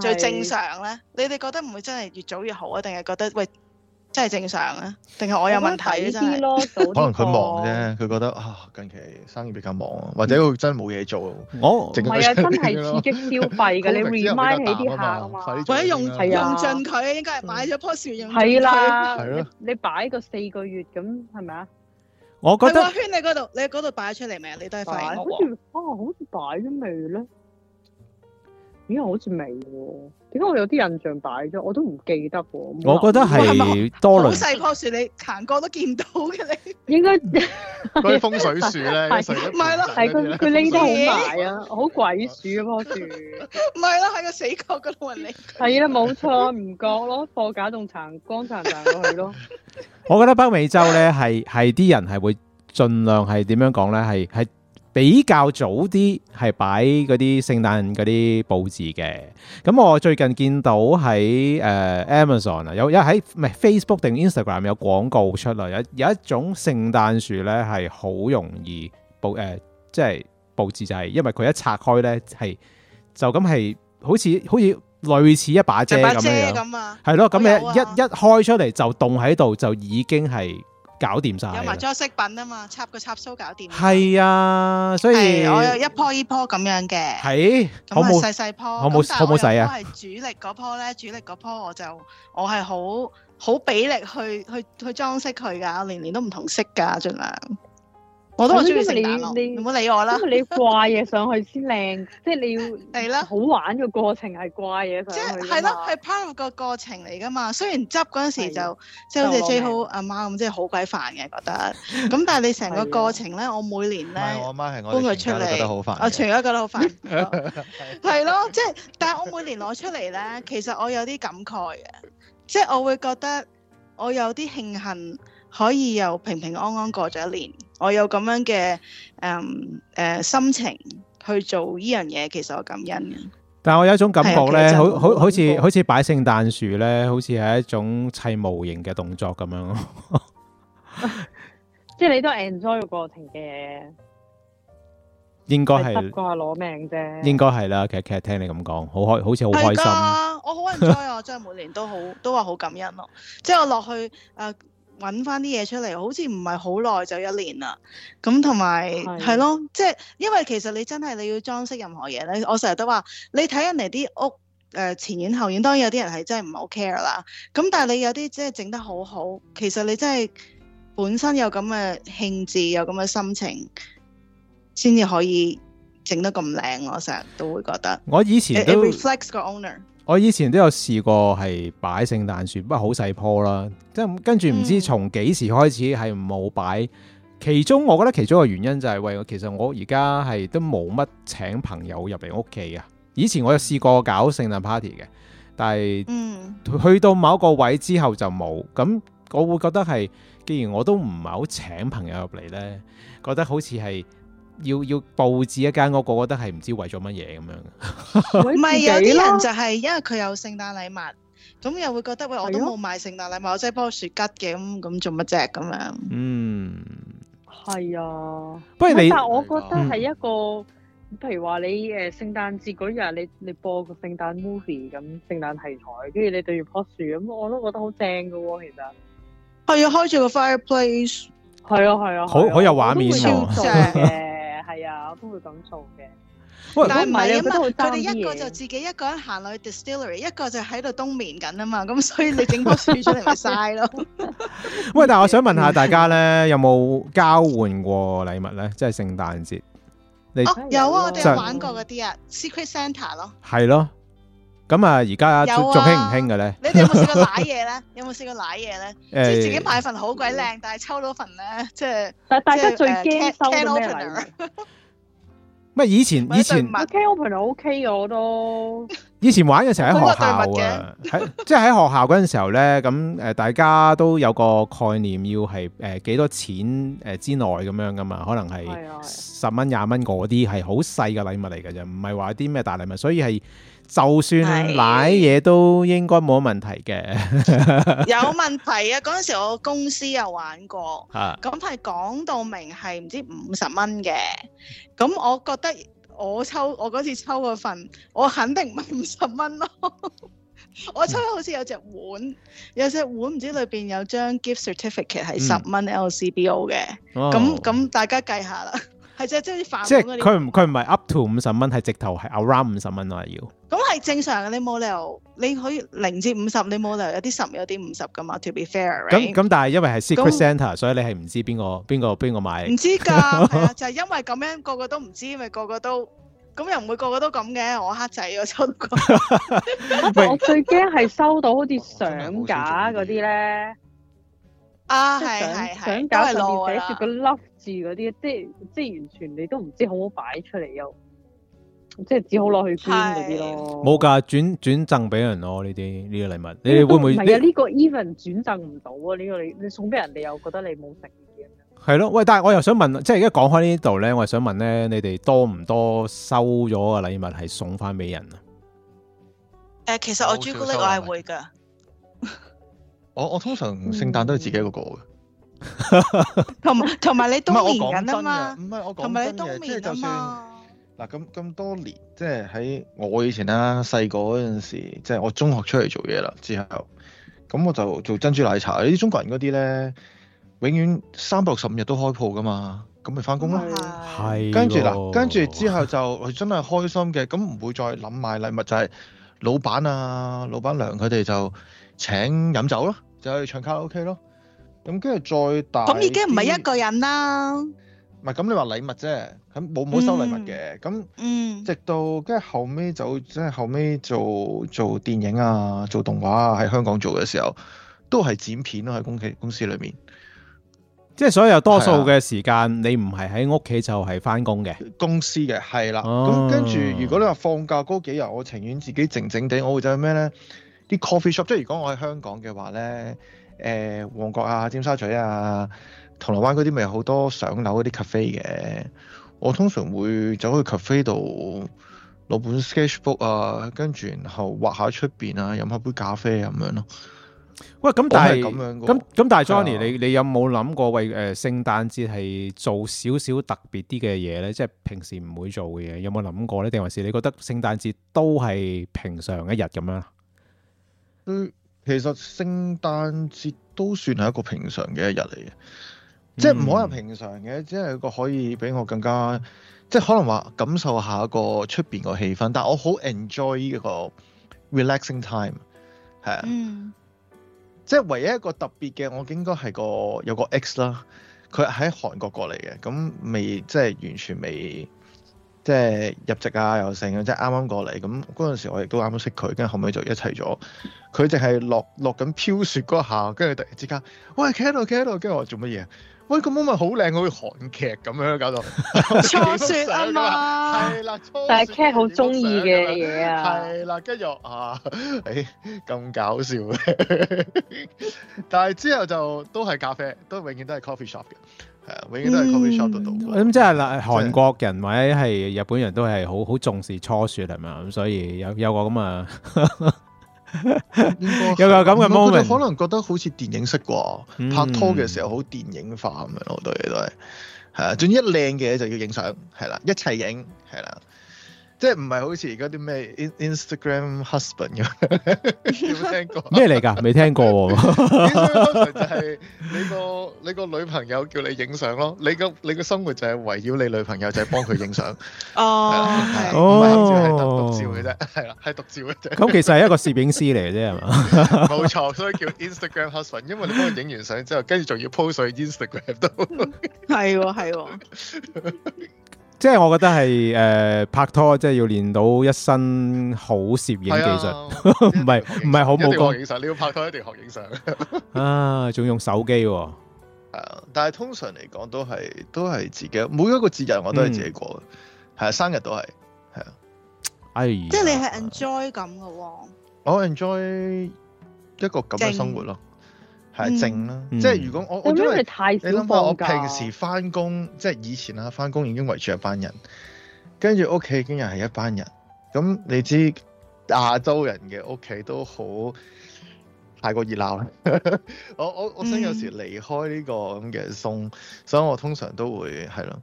最最正常咧？你哋覺得唔會真係越早越好啊？定係覺得喂？真係正常啊？定係我有問題啊？可，可能佢忙啫，佢覺得啊，近期生意比較忙，或者佢真係冇嘢做。我、嗯、係、哦、啊，真係刺激消費嘅。 你 remind 你啲客啊嘛，或者用用盡佢、啊，應該係買咗樖樹用。係啊，啊 你，你擺個四個月咁係咪啊？我覺得、啊、圈你嗰度，你嗰度擺咗出嚟未啊？你都係發現好似啊，好似、啊、擺咗未咧。咦，我好似未喎，點解我有啲印象擺咗我都唔記得喎。我覺得係多好細樖樹你，你行過都見到嘅你。應該應該、嗰個、風水樹咧，係、 欸、 棵樹 啦，係佢拎得好埋啊，好鬼樹嘅樖樹。唔係啦，係個死角嗰度嚟。係呢，冇錯，唔覺咯，貨架仲殘光殘殘過去咯。 我覺得北美洲咧係係啲人係會盡量係點樣講咧係比較早啲係擺嗰啲聖誕嗰啲佈置嘅，咁我最近見到喺、呃、Amazon 啊，有喺唔係 Facebook 定 Instagram 有廣告出嚟，有有一種聖誕樹咧係好容易佈、呃、即係佈置就係、是、因為佢一拆開咧係就咁係好似好似類似一把遮咁樣，係咯，咁你、啊、一一開出嚟就凍喺度就已經係。搞掂曬，有埋裝飾品啊嘛，插個插蘇搞掂。係啊，所以我有一棵一棵咁樣嘅，係咁啊細細棵，但係我係主力嗰棵咧，主力嗰棵我就 我係好好俾力去去去裝飾佢㗎，年年都唔同色㗎，盡量。我都，我中意你，你唔好理我啦。你掛嘢上去先靚，即 係你要啦。好玩嘅過程係掛嘢上去。即係咯，係 part of 個過程嚟噶嘛。雖然執嗰陣時就即係好似最好阿媽咁，即係好鬼煩嘅覺得。咁但係你成個過程咧，我每年咧，我媽係我搬佢出嚟，我除咗覺得好煩，係 咯是的，即 係、就是、但係我每年攞出嚟咧，其實我有啲感慨嘅，即、就、係、是、我會覺得我有啲慶幸可以又平平安安過咗一年。我有咁樣嘅，誒、嗯呃，心情去做呢樣嘢，其實我感恩嘅。但係我有一種感覺咧，好好好似好似擺聖誕樹咧，好似係一種砌模型嘅動作咁樣咯、 啊。即係你都 enjoy 過程嘅，應該係。啩攞命啫。應該係啦，其實其實聽你咁講，好開，好似好開心。我好 enjoy 啊， 我真係每年都好，都話好感恩咯。即係我落去誒。呃揾翻啲嘢出嚟，好似唔係好耐就一年啦。咁同埋係咯，即係因為其實你真係你要裝飾任何嘢咧，我成日都話你睇人哋啲屋誒、呃、前院後院，當然有啲人係真係唔係好 care 啦。咁但係你有啲即係整得好好，其實你真係本身有咁嘅興致，有咁嘅心情，先至可以整得咁靚。我成日都會覺得。我以前都。It reflects the owner. 我以前都有試過係擺聖誕樹，不過好細棵啦。即係跟住唔知從幾時開始係冇擺。其中我覺得其中一個原因就係，喂，其實我而家係都冇乜請朋友入嚟屋企嘅。以前我有試過搞聖誕 party 嘅，但係去到某一個位之後就冇。咁我會覺得係，既然我都唔係好請朋友入嚟呢，覺得好似係。要要佈置一間屋，我覺得係唔知為咗乜嘢咁樣。唔係啊，有啲人就係因為佢有聖誕禮物，咁又會覺得喂，我都冇買聖誕禮物，我即係剝個雪桔嘅咁，咁做乜啫咁樣？嗯，係啊。不如你？但我覺得係一個，啊，譬如話你誒，聖誕節嗰日你你播個聖誕 movie 咁，聖誕題材，跟住你對住棵樹，咁我都覺得好正噶喎，其實。係啊，開住個 fireplace，係啊係啊，好好有畫面啊，超正。 係啊，我都會咁做嘅。但係唔係啊嘛，佢哋、啊、一個就自己一個人行落去 Distillery，一個就喺度冬眠緊啊嘛，咁所以你整棵樹出嚟咪嘥咯。 喂，但係我想問下大家咧，有冇交換過禮物咧？即、就、係、是、聖誕節，你、哦、有，啊有啊？我哋玩過嗰啲啊，Secret Santa 咯，係咯、啊。咁啊，而家仲興唔興嘅咧？你哋有冇試過瀨嘢咧？有冇試過瀨嘢咧？即 係自己買份好鬼靚，但係抽到份咧，即係但大家最驚、啊、收咩以前以前，開 o p e n o K，我都以前玩嘅時候喺學校啊，即係喺學校嗰陣時候咧，咁誒大家都有個概念，要係誒幾多錢誒之內咁樣噶嘛？可能係十蚊、廿蚊嗰啲係好細嘅禮物嚟嘅啫，唔係話啲咩大禮物，所以係。就算攋、啊、嘢都應該冇問題嘅，有問題啊！嗰 陣時我公司有玩過，咁係講到明係唔知五十蚊嘅，咁我覺得我抽我嗰次抽嗰份，我肯定唔係五十蚊咯。 我抽好似有一隻碗， 有一隻碗唔知裏邊有張 gift certificate 係十蚊 LCBO 嘅，咁、嗯、咁、哦、大家計下啦。係啫，即係泛即係佢唔佢唔係 up to 五十蚊，係直頭係 around 五十蚊啊！要咁係正常嘅，你冇理由，你可以零至五十，你冇理由有啲十有啲五十噶嘛？To be fair，咁咁但係因為係 secret centre，所以你係唔知邊個邊個邊個買，唔知㗎，係啊，就係因為咁樣個個都唔知，咪個個都咁又唔會個個都咁嘅，我黑仔我收，我最驚係收到好似相架嗰啲咧，啊，係想係係係想搞上面寫住個 love 字嗰啲，即係即係完全你都唔知好唔好擺出嚟又，即係只好攞去捐嗰啲咯。冇噶，轉轉贈俾人咯呢啲呢個禮物，你哋會唔會？唔係啊，呢個 even 轉贈唔到啊，呢個你你送俾人哋，又覺得你冇食嗰啲。係咯，喂，但係我又想問，即係而家講開呢度咧，我係想問咧，你哋多唔多收咗個禮物係送翻俾人啊？誒，其實我朱古力我係會噶。 我我通常聖誕都係自己一個個嘅、嗯，同埋同埋你冬眠緊啊嘛，同埋你冬眠緊啊嘛。嗱咁咁多年，即係喺我以前啦、啊，細個嗰陣時，即係我中學出嚟做嘢啦之後，咁我就做珍珠奶茶。你啲中國人嗰啲咧，永遠三百六十五日都開鋪噶嘛，咁咪翻工咯。係、啊，跟住嗱，跟住之後就真係開心嘅，咁唔會再諗買禮物，就係老闆啊、老闆娘佢哋就。請飲酒咯，就去唱卡拉 OK 咯，咁跟住再大咁已經唔係一個人啦。唔係咁，你話禮物啫，咁冇冇收禮物嘅咁，嗯、直到跟住、嗯、後尾，後就即係後尾做做電影啊，做動畫喺、啊、香港做嘅時候，都係剪片咯喺公企公司裏面，即係所有多數嘅時間，啊、你唔係喺屋企就係返工嘅公司嘅，係啦。咁跟住如果你話放假嗰幾日，我情願自己靜靜地，我會走去咩咧？啲 coffee shop，即係如果我喺香港嘅話咧，誒、欸，旺角啊、尖沙咀啊、銅鑼灣嗰啲咪有好多上樓嗰啲 cafe 嘅。我通常會走去 cafe 度攞本 sketchbook 啊，跟住然後畫下出邊啊，飲下杯咖啡咁樣咯。喂，咁但係咁樣的，咁咁但係 Johnny，是、啊、你你有冇諗過為誒聖、呃、誕節係做少少特別啲嘅嘢咧？即係平時唔會做嘅嘢，有冇諗過咧？定還是你覺得聖誕節都係平常一日咁樣？都其實聖誕節都算係一個平常嘅一日嚟嘅，即係唔可能平常嘅，只係一個可以俾我更加，即係可能話感受一下一個出邊個氣氛，但我好 enjoy 依個 relaxing time，係啊、嗯，即係唯一一個特別嘅，我應該係個有個 ex 啦，佢喺韓國過嚟嘅，咁未即係完全未。即係入職啊又剩，即係啱啱過嚟咁，嗰陣時候我也他，我亦都啱啱識佢，跟住後尾就一齊咗。佢淨係落落緊飄雪嗰下，跟住突然之間，喂，企喺度企喺度，跟住我做乜嘢？喂，咁啱咪好靚，好似韓劇咁樣搞到 船、啊。 初雪啊嘛，係啦，但係 Kat 好中意嘅嘢啊，係、哎、啦，跟住啊，誒咁搞笑嘅。 但係之後就都係咖啡，都永遠都係 coffee shop 嘅。係、嗯、啊，永遠都係可以 shop 得到。咁即係嗱，韓國人或者係日本人都係好好重視初雪係嘛，咁所以有有個咁啊，有個咁嘅 moment 我哋可能覺得好似電影式啩，拍拖嘅時候好電影化咁樣，好多嘢都係係啊，總之一靚嘅就要影相，係啦，一齊影係啦。即係唔係好似而家啲咩 Instagram husband 咁，有冇聽過？咩嚟噶？未聽過？ 就係你個你個女朋友叫你影相咯，你個你個生活就係圍繞你女朋友，就係幫佢影相。哦哦，唔係合照係單照嘅啫，係啦，係獨照嘅啫。咁 其實係一個攝影師嚟嘅啫，係嘛？冇 錯，所以叫 Instagram husband，因為你幫佢影完相之後，跟住仲要 post 喺 Instagram 度、 啊。係喎、啊，係喎。即係我覺得係誒、呃、拍拖，即係要練到一身好攝影技術，唔係唔係好冇影相，你要拍拖一定要學影相 啊！仲用手機喎、啊，係啊！但係通常嚟講都係都係自己，每一個節日我都係自己過，係、嗯啊、生日都係係啊，即係你係 enjoy 咁噶喎，我 enjoy 一個咁嘅生活咯。就是係正啦、嗯，即係如果我、嗯、我因為，因為太你諗下，我平時翻工即係以前啦，翻工已經圍住一班人，跟住屋企已經又係一班人。咁你知亞洲人嘅屋企都好太過熱鬧咧。 我我我想有時離開呢個咁嘅鬆、嗯，所以我通常都會係咯。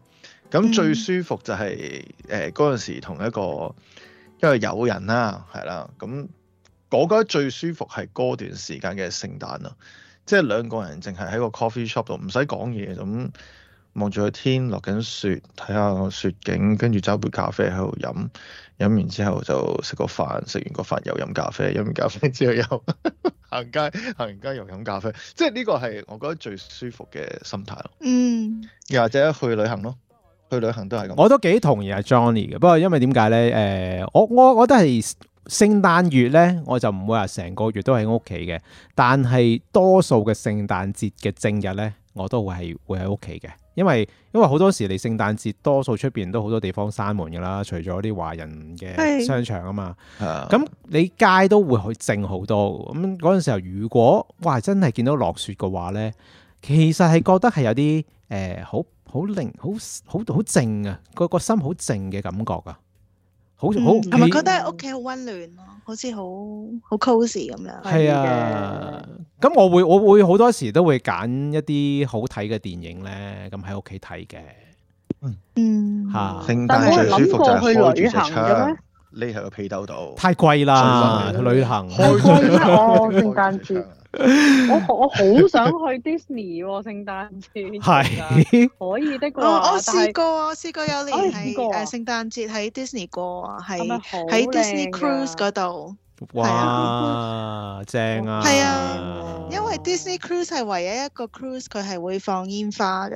咁最舒服就係誒嗰陣時同一個因為有人啦、啊，係啦。咁我覺得最舒服係嗰段時間嘅聖誕啊。即係兩個人淨係喺個 coffee shop 度，唔使講嘢咁，望住個天落緊雪，睇下個雪景，跟住揸杯咖啡喺度飲，飲完之後就食個飯，食完個飯又飲咖啡，飲完咖啡之後又行街，行完街又飲咖啡，即係呢個係我覺得最舒服嘅心態咯。嗯，又或者去旅行咯，去旅行都係咁。我都幾同意阿 Johnny 嘅，不過因為點解咧？誒、呃，我我我覺得係。聖誕月咧，我就唔會話成個月都喺屋企嘅，但係多數嘅聖誕節嘅正日咧，我都會係會喺屋企嘅，因為因為好多時你聖誕節，多數出邊都好多地方閂門噶啦，除咗啲華人嘅商場啊嘛，咁你街都會去靜好多。咁嗰陣時候，如果哇真係見到落雪嘅話咧，其實係覺得係有啲誒、呃、好好靈好好好靜啊，個個心好靜嘅感覺噶。好、嗯嗯，好，係咪覺得屋企好溫暖咯？好似好好 cosy 咁樣。係啊，咁我會，我會好多時都會揀一啲好睇嘅電影咧，咁喺屋企睇嘅。嗯，嚇、啊。但係最舒服就係去旅行。匿喺個被竇度，太貴啦！去旅行，開開車哦， 聖誕節，我我好想去 Disney 喎、啊，聖誕節係 可以的， 可以的。我我試過，我試過有年喺誒、啊、聖誕節喺 Disney 過啊，係喺 Disney Cruise 嗰度。哇、啊，正啊！係啊，因為 Disney Cruise 係唯一一個 Cruise 佢係會放煙花噶，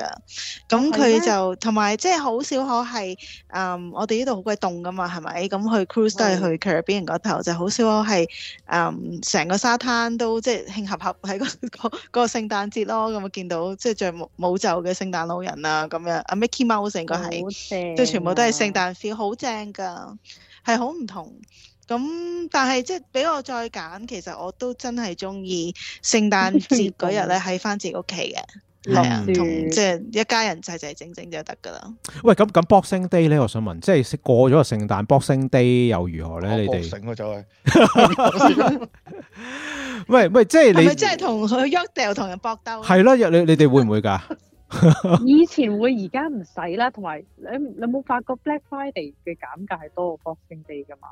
咁、嗯、佢就同埋即係好少可係，嗯，我哋呢度好鬼凍噶嘛，係咪？咁去 Cruise 都係去 Caribbean 嗰頭，就好少可係，嗯，成個沙灘都即係慶合合喺嗰、那個嗰、那個聖誕節咯，咁啊見到即係着冇舞袖嘅聖誕老人啊，咁樣啊 Mickey Mouse 成個係，即係、啊、全部都係聖誕 feel，好正噶，係好唔同。咁，但係即係俾我再揀，其實我都真係中意聖誕節嗰日咧喺返自己屋企嘅， 係啊，嗯、同即係、就係、一家人齊齊整整就得噶啦。喂，咁咁 Boxing Day 咧，我想問，即係過咗個聖誕 Boxing Day 又如何咧？你哋醒咗就係喂喂，即係你即係同佢約掉同人搏鬥係咯？約、啊、你你哋會唔會噶？ 以前會，而家唔使啦。同埋你你冇發覺 Black Friday 嘅減價係多過 Boxing Day 噶嘛？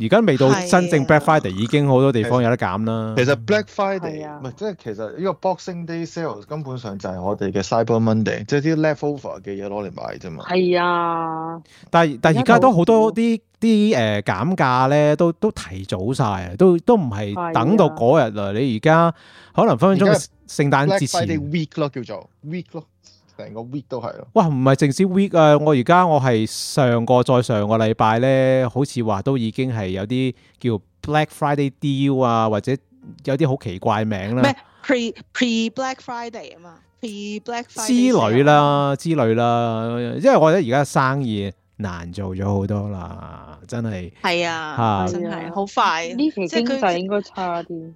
而家未到真正 Black Friday、啊、已經好多地方有得減啦。其實 Black Friday 啊，唔係即係其實呢個 Boxing Day sales 根本上就係我哋嘅 Cyber Monday，即係啲 leftover 嘅嘢攞嚟買啫嘛。係啊，但係但係而家都好多啲啲誒減價咧，呃、都都提早曬，都都唔係等到嗰日啊！你而家可能分分鐘聖誕節前 week 咯叫做 week 咯。成個 week 都係咯，哇！唔係淨止 week 啊，我而家我係上個再上個禮拜咧，好似話都已經係有啲叫 Black Friday deal 啊，或者有啲好奇怪名啦。咩 pre pre Black Friday 啊嘛，pre Black Friday 之類啦、啊、之類啦，因為我覺得而家生意難做咗好多啦，真係。係啊，啊，啊，真係好快，呢期經濟應該差啲。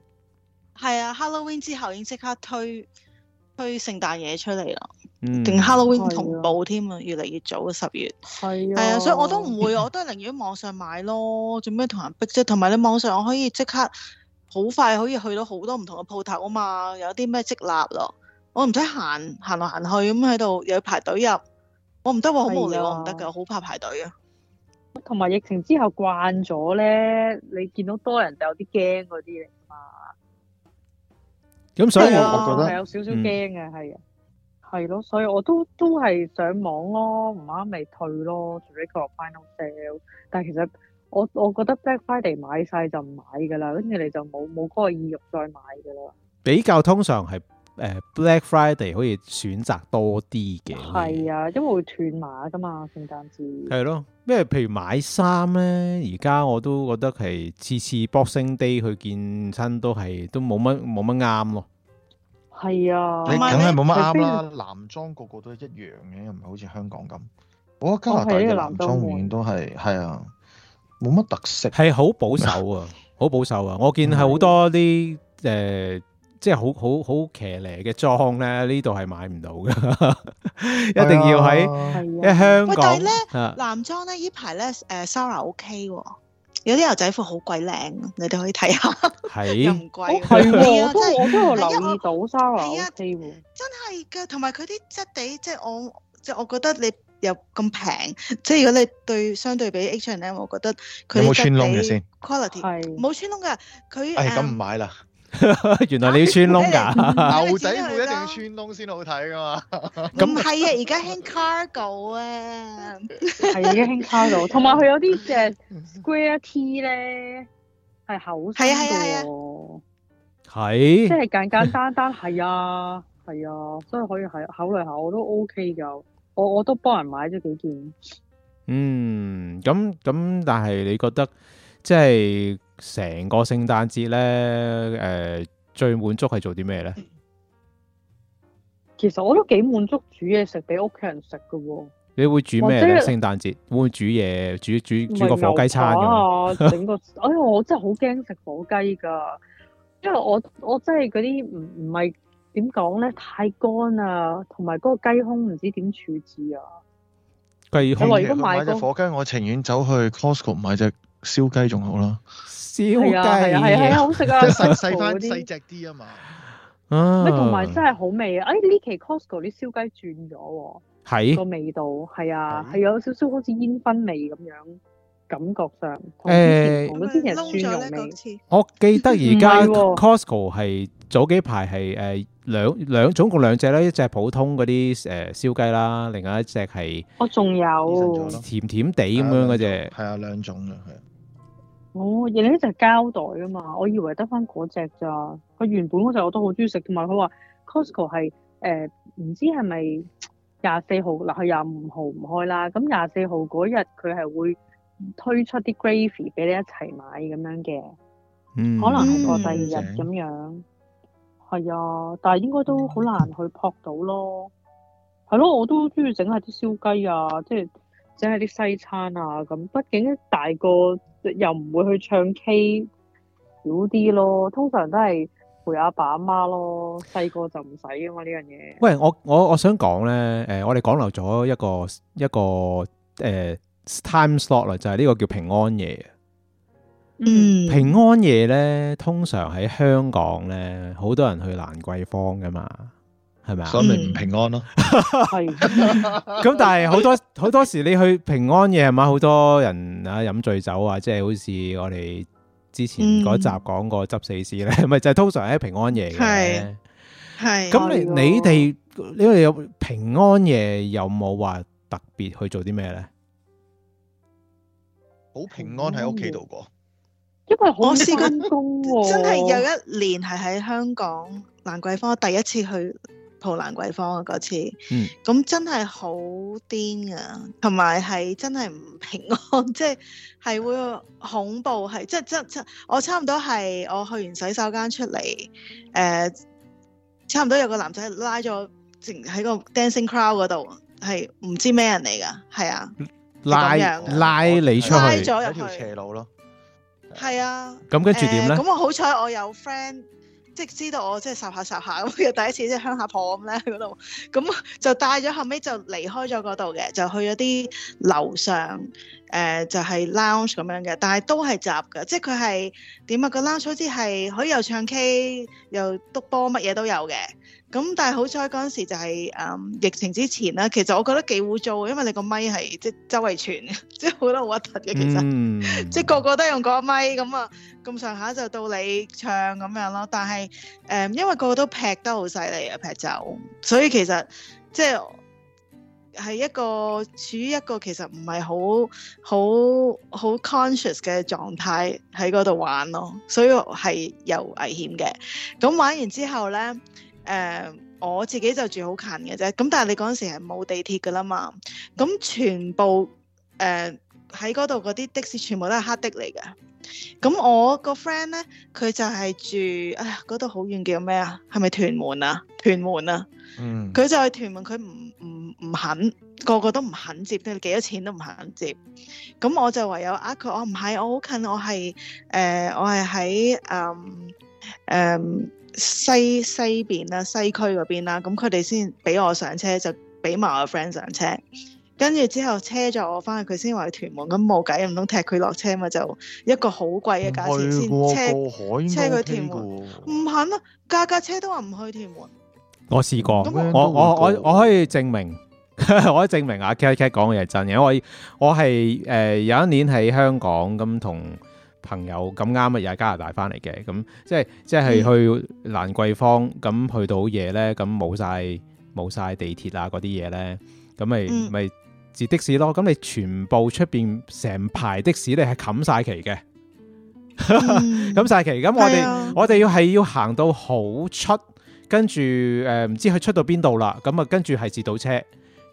係啊，Halloween 之後已經即刻推。去聖誕嘢出嚟咯，定、嗯、Halloween 同步添啊！越嚟越早嘅十月，係啊，所以我都唔會、嗯，我都係寧願網上買咯。做咩同人逼啫？同埋你網上我可以即刻好快可以去到好多唔同嘅鋪頭啊嘛！有啲咩積立咯，我唔使行行來行去咁喺度又要排隊入，我唔得喎，好無聊，我唔得噶，好怕排隊啊！同埋疫情之後慣咗咧，你見到多人就有啲驚嗰啲嚟嘛～咁所以我覺得係有少少驚嘅，係，係咯，所以我都都係上網咯，唔啱咪退咯，break off final sale。但係其實我我覺得 Black Friday 買晒就唔買噶啦，跟住你就冇冇嗰個意欲再買噶啦。比較通常係。Uh, Black Friday 可以選擇多啲嘅，係啊，因為會斷碼噶嘛，聖誕節係咯。咩？因為譬如買衫咧，而家我都覺得係次次 Boxing Day 去見親都係都冇乜冇乜啱咯。係啊，你梗係冇乜啱啦。男裝個個都係一樣嘅，又唔係好似香港咁。我覺得加拿大嘅男裝永、哦、遠都係係啊，冇乜特色，係好保守啊，好 保守啊。我見係好多啲誒。即係好好好騎呢嘅裝咧，呢度係買唔到㗎， 一定要喺喺、哎、香、哎、但係咧、啊、男裝咧依排咧，誒 Sara OK 喎，有啲牛仔褲好鬼靚，你哋可以睇下， 又唔貴。係、哦、啊，啊，啊，啊，啊，真係我都我留意到 Sara 嘅啊，真係噶。同埋佢啲質地，即係我即係我覺得你又咁平，即係如果你對相對比 H and M，我覺得佢有冇穿窿嘅先？Quality 係冇穿窿㗎，佢係咁唔買啦。 原來你要穿窿噶，啊、 牛仔褲一定要穿窿先好睇噶嘛？咁係啊，而家興 cargo 啊，係 而家興 cargo，同埋佢有啲只 square T 咧係厚係啊係啊係係即係簡簡單單係啊係啊,啊，所以可以係考慮下，我都 OK 噶，我我都幫人買咗幾件。嗯，咁咁，但係你覺得即係？成個聖誕節咧，誒、呃，最滿足係做啲咩咧？其實我都幾滿足煮嘢食俾屋企人食噶喎。你會煮咩咧？聖誕節會唔會煮嘢？煮煮煮個火雞餐？整個，哎，我真係好驚食火雞噶，因為我我真係嗰啲唔唔係點講咧，太乾啊，同埋嗰個雞胸唔知點處置啊。雞胸如果買隻火雞，我情願走去 Costco 買隻燒雞仲好啦，燒雞係係好食啊！即細細翻細隻啲啊嘛，咩同埋真係好味啊！哎呢期 Costco 啲燒雞轉咗喎，係個味道係啊，係有少少好似煙燻味咁樣感覺上，誒同嗰啲其實轉咗味。我記得而家 Costco 係早幾排係誒兩兩總共兩隻咧，一隻普通嗰啲誒燒雞啦，另外一隻係我仲有甜甜地咁樣嗰隻，係啊兩種嘅係啊。哦，而你嗰隻膠袋啊嘛，我以為得翻嗰隻咋。佢原本嗰隻我都好中意食噶嘛。佢話 Costco 係誒唔知係咪廿四號嗱，佢廿五號唔開啦。咁廿四號嗰日佢係會推出啲 gravy 俾你一齊買咁樣嘅、嗯，可能係過第二日咁樣。係、嗯、啊，但係應該都好難去撲到咯。係、嗯、咯、啊，我都中意整下啲燒雞啊，即係整下啲西餐啊咁。畢竟大個。又唔會去唱 K 少啲咯，通常都係陪阿爸阿媽咯。細個就唔使噶嘛呢樣嘢。喂，我我我想講咧，誒、呃，我哋講漏咗一個一個誒、呃、time slot 啦，就係呢個叫平安夜。嗯，平安夜咧，通常喺香港咧，好多人去蘭桂坊噶嘛。係咪啊？所以咪唔平安咯。係咁，但係好多好多時你去平安夜係咪？好多人啊，飲醉酒啊，即係好似我哋之前嗰集講過執死屍咧，咪就係通常喺平安夜嘅。係係。咁你你哋你哋有平安夜，有冇話特別去做啲咩咧？好平安喺屋企度過，因為我試過真係有一年係喺香港蘭桂坊第一次去。好蘭桂坊啊！嗰次，咁真係好癲啊，同埋係真係唔平安，即係係會恐怖，係即即即我差唔多係我去完洗手間出嚟，誒、呃、差唔多有個男仔拉咗淨喺個 dancing crowd 嗰度，係唔知咩人嚟噶，係啊，拉拉你出去，拉咗有條斜路咯，係啊，咁跟住點咧？咁、呃、我好彩我有 friend。即知道我即係霎下霎下咁，又第一次即係鄉下婆咁咧嗰度，咁就帶咗後尾就離開咗嗰度嘅，就去咗啲樓上誒、呃，就係、是、lounge 咁樣嘅，但係都係雜嘅，即係佢係點啊，個 lounge 好似係可以又唱 K 又篤波乜嘢都有嘅。咁、嗯、但係好彩嗰陣時就係、是嗯、疫情之前啦。其實我覺得幾污糟，因為你個咪係即係周圍傳嘅，即係好得好核突嘅。其實、嗯、 即係個個都用個咪咁啊，咁上下就到你唱咁樣咯。但係、嗯、因為個個都劈得好犀利啊，劈酒，所以其實即係一個處於一個其實唔係好好好 conscious 嘅狀態喺嗰度玩咯，所以係有危險嘅。咁玩完之後咧。誒、uh, 我自己就住好近嘅啫，咁但係你嗰陣時係冇地鐵噶啦嘛，咁全部誒喺嗰度嗰啲的士全部都係黑的嚟嘅。咁我個 friend 咧，佢就係住，哎呀嗰度好遠叫咩啊？係咪屯門啊？屯門啊？嗯，佢就係屯門，佢唔唔唔肯，個個都唔肯接，你幾多錢都唔肯接。咁我就唯有呃佢、哦，我唔係，我好近，我係誒、呃、我係喺嗯誒。嗯西西邊啦，西區嗰邊啦，咁佢哋先俾我上車，就俾埋我 friend 上車，跟住之後車咗我翻去，佢先話去屯門，咁冇計唔通踢佢落車嘛，就一個好貴嘅價錢先車車佢屯門，唔肯啊？架架車都話唔去屯門。我試過，我我我我，我，我可以證明， 我可以證明啊，Kat Kat 講嘅嘢係真嘅，因為我係誒、呃、有一年喺香港咁同，朋友咁啱啊，又喺加拿大翻嚟嘅，咁即係即係去蘭桂坊，咁去到嘢咧，咁冇曬冇曬地鐵啊嗰啲嘢咧，咁咪咪截的士咯。咁你全部出邊成排的士，你係冚曬旗嘅，咁曬旗。咁我哋我哋要係要行到好出，跟住誒唔知佢出到邊度啦。咁啊跟住係截到車，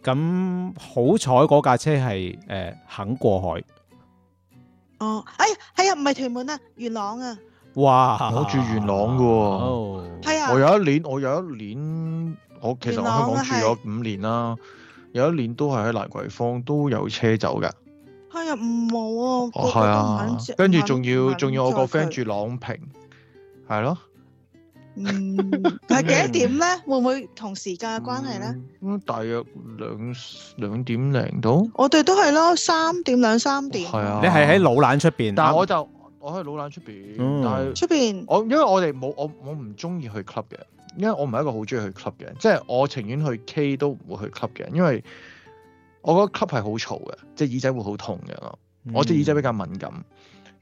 咁好彩嗰架車係誒肯過海。哦，哎，係啊，唔係屯門啊，元朗啊。哇！啊、我住元朗嘅喎、哦。係、哦、啊。我有一年，我有一年，我其實我香港住咗五年啦、啊。有一年都係喺蘭桂坊都有車走嘅。係、哎哦哦、啊，唔好啊。係啊，跟住仲要仲要，要我個 friend 住朗平，係咯。 嗯，係幾多點咧？ 會唔會同時間嘅關係咧、嗯？大約兩兩點零到。我哋都係咯，三點兩三點。係、哦、啊，你係喺老蘭出邊，但係我就我喺老蘭出邊，但係出邊我因為我哋冇我我唔中意去 club 嘅，因為我唔係一個好中意去 club 嘅，即、就、係、是、我情願去 K 都唔會去 club 嘅，因為我覺得 club 係好嘈嘅，即、就、係、是、耳仔會好痛嘅咯、嗯。我隻耳仔比較敏感。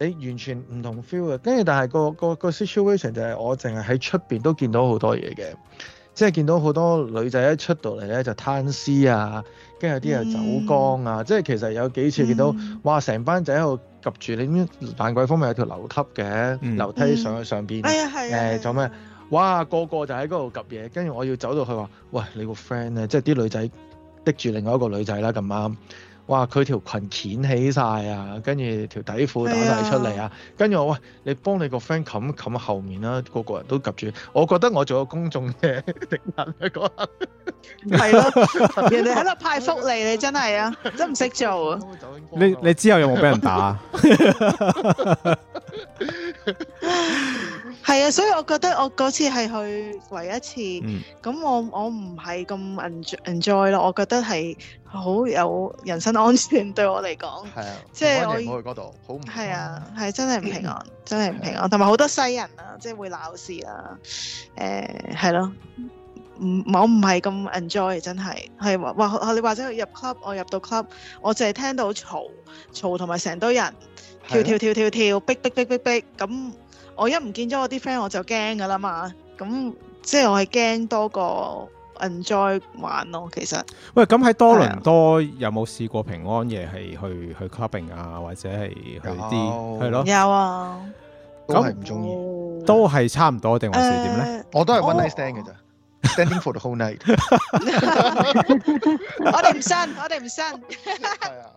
誒完全唔同 feel 嘅，跟住但係、個個個 situation 就係我淨係喺出邊都見到好多嘢嘅，即係見到好多女仔一出到嚟咧就攤屍啊，跟住有啲人走光啊，嗯、即係其實有幾次見到，嗯、哇！成班仔喺度 𥄫 住，你知知蘭桂坊咪有條樓梯嘅、嗯，樓梯上去上邊，誒做咩？哇！個個就喺嗰度 𥄫 嘢，跟住我要走到去話，喂，你個 friend 咧，即係啲女仔逼住另外一個女仔啦、啊，咁啱。哇！佢條裙掀起晒啊，跟住條底褲打晒出嚟啊，跟住我，喂，你幫你個 friend 冚冚後面啦，個個人都及住。我覺得我做個公眾嘅敵人一嗰、那個、刻，係咯， 人哋喺度派福利，你真係啊，真唔識做、啊。 你你之後有冇俾人打？ 係啊，所以我覺得我嗰次係去唯一一次，咁、嗯、我我唔係咁 enjoy，enjoy 咯，我覺得係好有人身安全對我嚟講，即係我唔安全，唔好去嗰度，好唔係啊，係真係唔平安，啊、真係唔平安，同埋好多西人啊，即、就、係、是、會鬧事啊，誒、呃，係咯、啊，唔我唔係咁 enjoy，真係係話話你或者去入 club，我入到 club，我淨係聽到嘈嘈，同埋成堆人跳跳跳跳跳，啊、逼,逼逼逼逼逼，咁。我一唔見咗我啲 friend 我就驚噶啦嘛，咁即係我係驚多過 enjoy 玩咯，其實。喂，咁喺多倫多、啊、有冇試過平安夜係去去 clubbing 啊，或者係去啲係咯。有啊，咁係唔中意，都係、哦、差唔多定還是點咧、呃？我都係 one night stand 嘅咋。Standing for the whole night 我。我哋唔信，我哋唔信。係啊，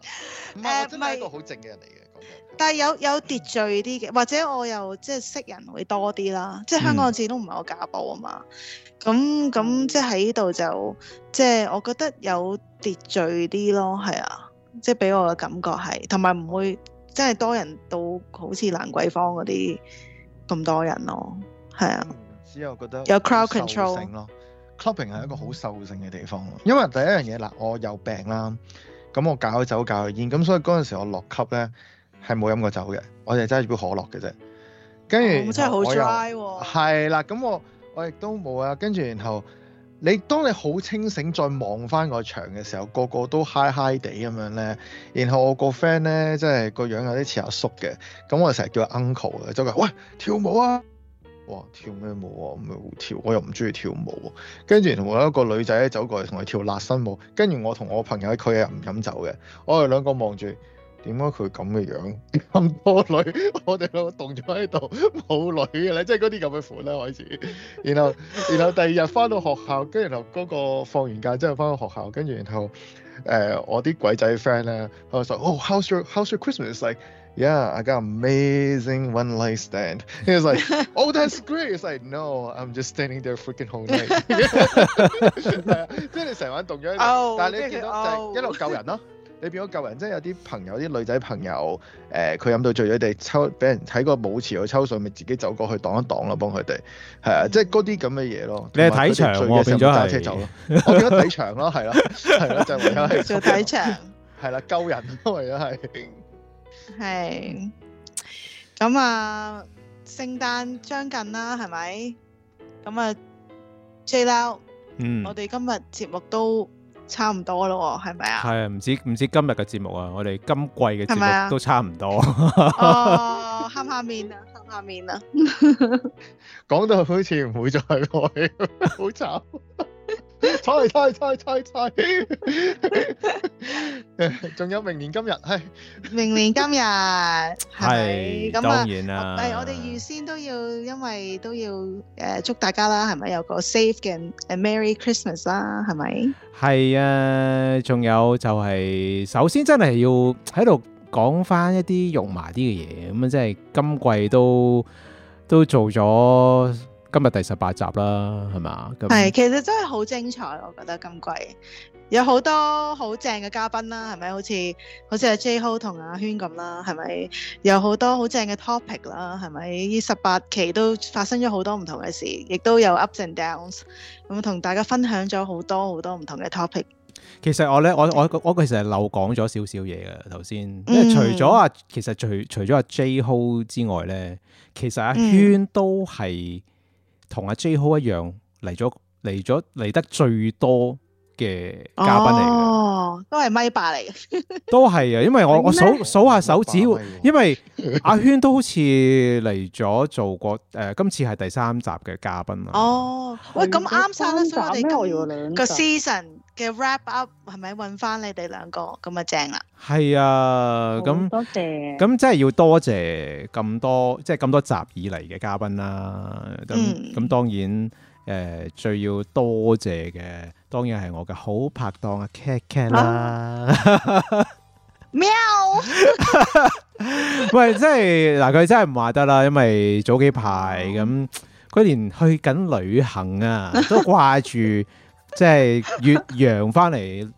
唔係。我係一個好靜嘅人嚟嘅、okay。但係有有秩序啲嘅，或者我又即係識人會多啲啦。即係香港自己都唔係我假暴啊嘛。咁、嗯、咁即係喺呢度就，即係我覺得有秩序啲咯。係啊，即係俾我嘅感覺係，同埋唔會真係多人到好似蘭桂坊嗰啲咁多人咯。係啊，只有覺得我有 crowd control。shopping 係一個好受性嘅地方，因為第一樣嘢嗱，我有病啦，咁我戒咗酒，戒咗煙，咁所以嗰陣時我落級咧，係冇飲過酒嘅，我係揸住杯可樂嘅啫。跟住、哦、真係好 dry 喎。係啦，咁我我亦都冇啊。跟住然後你當你好清醒再望翻個場嘅時候，個個都 high high 地咁樣咧。然後我個 friend 咧即係個樣有啲似阿叔嘅，咁我成日叫佢 uncle 嘅，就話喂，跳舞啊！哇，跳咩舞啊？冇跳，我又唔中意跳舞啊。跟住同我一個女仔走過嚟同佢跳辣身舞。跟住我同我朋友，佢又唔飲酒嘅。我哋兩個望住，點解佢咁嘅樣咁多女？我哋兩個凍咗喺度冇女嘅啦，即係嗰啲咁嘅款啦開始。然後，然後第二日返到學校，跟住然後嗰個放完假之後返到學校，跟住然後誒、呃、我啲鬼仔 friend 咧，佢話：哦、oh，How's your How's your Christmas like？Yeah，I got Amazing One Night Stand。佢就係，哦，that's great。佢就係，no，I'm just standing there，fricking whole night。即係你成晚動咗，但係你見到就一路救人咯。你變咗救人，即係有啲朋友、啲女仔朋友，誒，佢飲到醉咗，哋抽俾人喺個舞池度抽水，咪自己走過去擋一擋咯，幫佢哋。係啊，即係嗰啲咁嘅嘢咯。你係睇場，我變咗揸車走咯。我變咗睇場咯，係咯，係咯，就為咗係做睇場。係啦，救人為咗係。係，咁啊，聖誕將近啦，係咪？咁啊，JLau，嗯，我哋今日節目都差唔多咯，係咪啊？係啊，唔止唔止今日嘅節目啊，我哋今季嘅節目都差唔多。哦，慳 下、呃、面啊，慳下面啊，講 到好似唔會再開，好慘。猜猜猜猜猜，仲有明年今日係，明年今日係，咁啊，當然啦，但係我哋預先都要，因為都要誒祝大家啦，係咪有個 safe 嘅 Merry Christmas 啦，係咪？係啊，仲有就係，首先真係要喺度講翻一啲肉麻啲嘅嘢，咁啊，即係今季都都做咗。今日第十八集啦，係嘛？係，其實真係好精彩，我覺得今季有好多好正嘅嘉賓啦，係咪？好似好似阿 J Ho 同阿軒咁啦，係咪？有好多好正嘅 topic 啦，係咪？呢十八期都發生咗好多唔同嘅事，亦都有 ups and downs，咁同大家分享咗好多好多唔同嘅 topic。其實我咧，我我我其實係漏講咗少少嘢嘅頭先，因為除咗阿、啊嗯、其實除除咗阿 J Ho 之外咧，其實阿軒、嗯、都係。同阿 J Ho 一樣，嚟咗嚟咗嚟得最多。嘅嘉賓嚟，哦，都係咪霸嚟嘅， 都係啊！因為我我數數下手指， 因為阿軒都好似嚟咗做過誒、呃，今次係第三集嘅嘉賓啊！哦，喂，咁啱晒啦！所以我哋今個 season 嘅 wrap up 係咪揾翻你哋兩個咁啊？正啦，係啊！咁多謝，咁真係要多謝咁多，即係咁多集以嚟嘅嘉賓啦。咁咁、嗯、當然。誒、呃，最要多謝嘅，當然係我嘅好拍檔啊 Kat Kat 啦， 喵！ 喂，真係嗱，佢真係唔話得啦，因為早幾排咁，佢連去緊旅行啊，都掛住即係越洋翻嚟。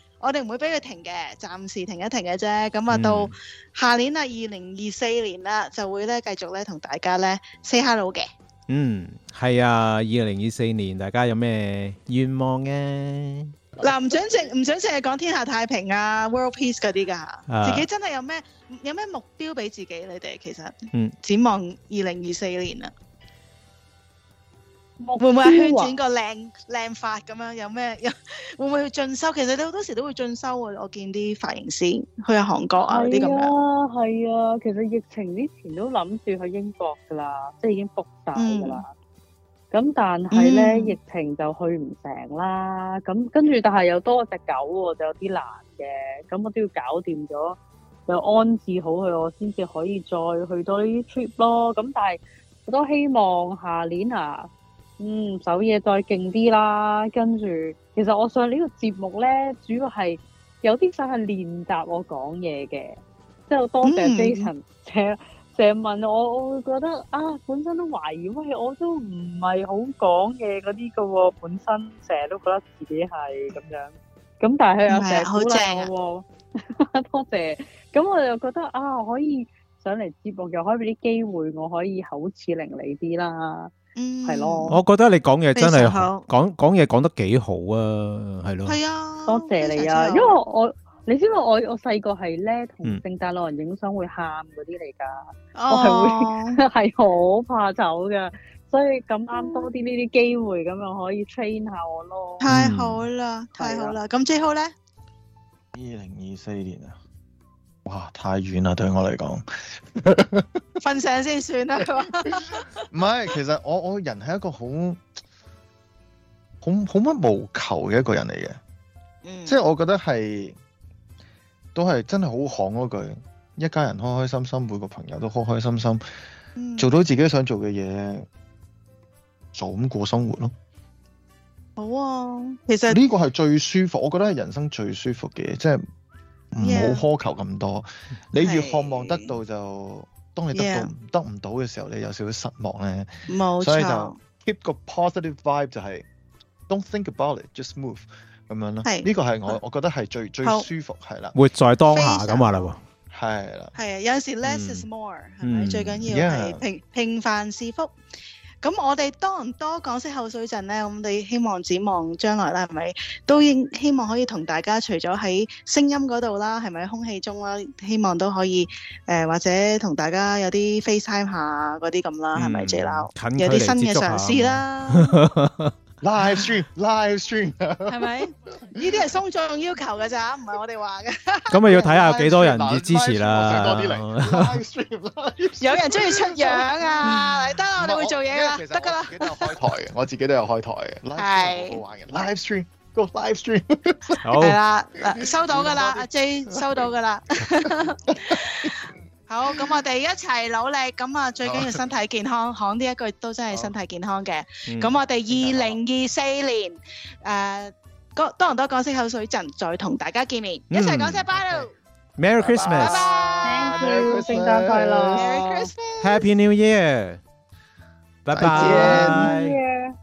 我哋唔會俾佢停嘅，暫時停一停嘅啫。咁啊，到下年啊，二零二四年啦、嗯，就會咧繼續咧同大家咧 say hello 嘅。嗯，係啊，二零二四年大家有咩願望咧、啊？嗱、啊，唔準淨唔準淨係，講天下太平啊，world peace 嗰啲噶。自己真係有咩有咩目標俾自己？你哋其實嗯，展望二零二四年啊。會唔會圈轉個靚靚髮咁樣？有咩有？會唔會去進修？其實你好多時都會進修嘅。我見啲髮型師去下韓國啊啲咁樣。係啊，其實疫情之前都諗住去英國噶啦，即係已經 book 晒噶啦。咁但係咧，疫情就去唔成啦。咁跟住，但係又多隻狗，就有啲難嘅。咁我都要搞掂咗，又安置好佢，我先至可以再去多啲 trip 咯。咁但係我都希望下年啊～嗯，手嘢再勁啲啦。跟住，其實我上呢個節目咧，主要係有啲想係練習我講嘢嘅，即係好多謝 Jason 成日、嗯、成日問我，我會覺得啊，本身都懷疑，喂，我都唔係好講嘢嗰啲㗎喎。本身成日都覺得自己係咁樣，咁但係佢又成日都啦喎，啊啊、 多謝。咁我又覺得啊，我可以上嚟節目，又可以俾啲機會，我可以口齒伶俐啲啦。嗯，係咯。我覺得你講嘢真係講講嘢講得幾好啊，係咯。係啊，多謝你啊，因為我你知道我我細個係咧同聖誕老人影相會喊嗰啲嚟㗎，我係會係好怕醜㗎，所以咁啱多啲呢啲機會咁又可以 train 下我咯。太好啦，太好啦，咁最後咧？二零二四年啊。哇，太遠啦，對我嚟講，瞓 醒先算啦。唔 係，其實我我人係一個好好好乜無求嘅一個人嚟嘅，嗯，即係我覺得係都係真係好講嗰句，一家人開開心心，每個朋友都開開心心，嗯，做到自己想做嘅嘢，就咁過生活咯。好啊，其實呢，這個係最舒服，我覺得係人生最舒服嘅，即係。唔、yeah. 好苛求咁多，你越渴望得到就，當你得到唔、yeah. 得唔到嘅時候，你有少少失望咧。冇錯。所以就 keep 個 positive vibe 就係 don't think about it，just move 咁樣咯。係。呢、這個係我、嗯、我覺得係最最舒服係啦。活在當下咁話啦係啦。係啊，有時 less is more 係、嗯、咪、嗯？最緊要係平、嗯 yeah. 平凡是福。咁我哋多唔多港式口水陣呢？我哋希望展望將來啦，係咪都應希望可以同大家除咗喺聲音嗰度啦，係咪空氣中啦，希望都可以誒，或者同大家有啲 FaceTime 下嗰啲咁啦，係咪最近，有啲新嘅嘗試啦～Live stream，Live stream，係咪？呢啲係鬆將要求嘅咋，唔係我哋話嘅。咁咪要睇下有幾多人要支持啦。多啲嚟，Live stream 啦。有人中意出樣啊，嚟得啦，我哋會做嘢噶，得噶啦。自己都有開台嘅，我自己都有開台嘅。係，好玩嘅。Live stream，Go live stream。好。係啦，收到噶啦，阿 J 收到噶啦。好，咁我哋一齊努力，咁啊最緊要身體健康，講呢一句都真係身體健康嘅。咁我哋二零二四年，誒，多倫多港式口水陣再同大家見面，一齊講聲 Bye，Merry Christmas，拜拜，Thank you，聖誕快樂，Happy New Year，拜拜。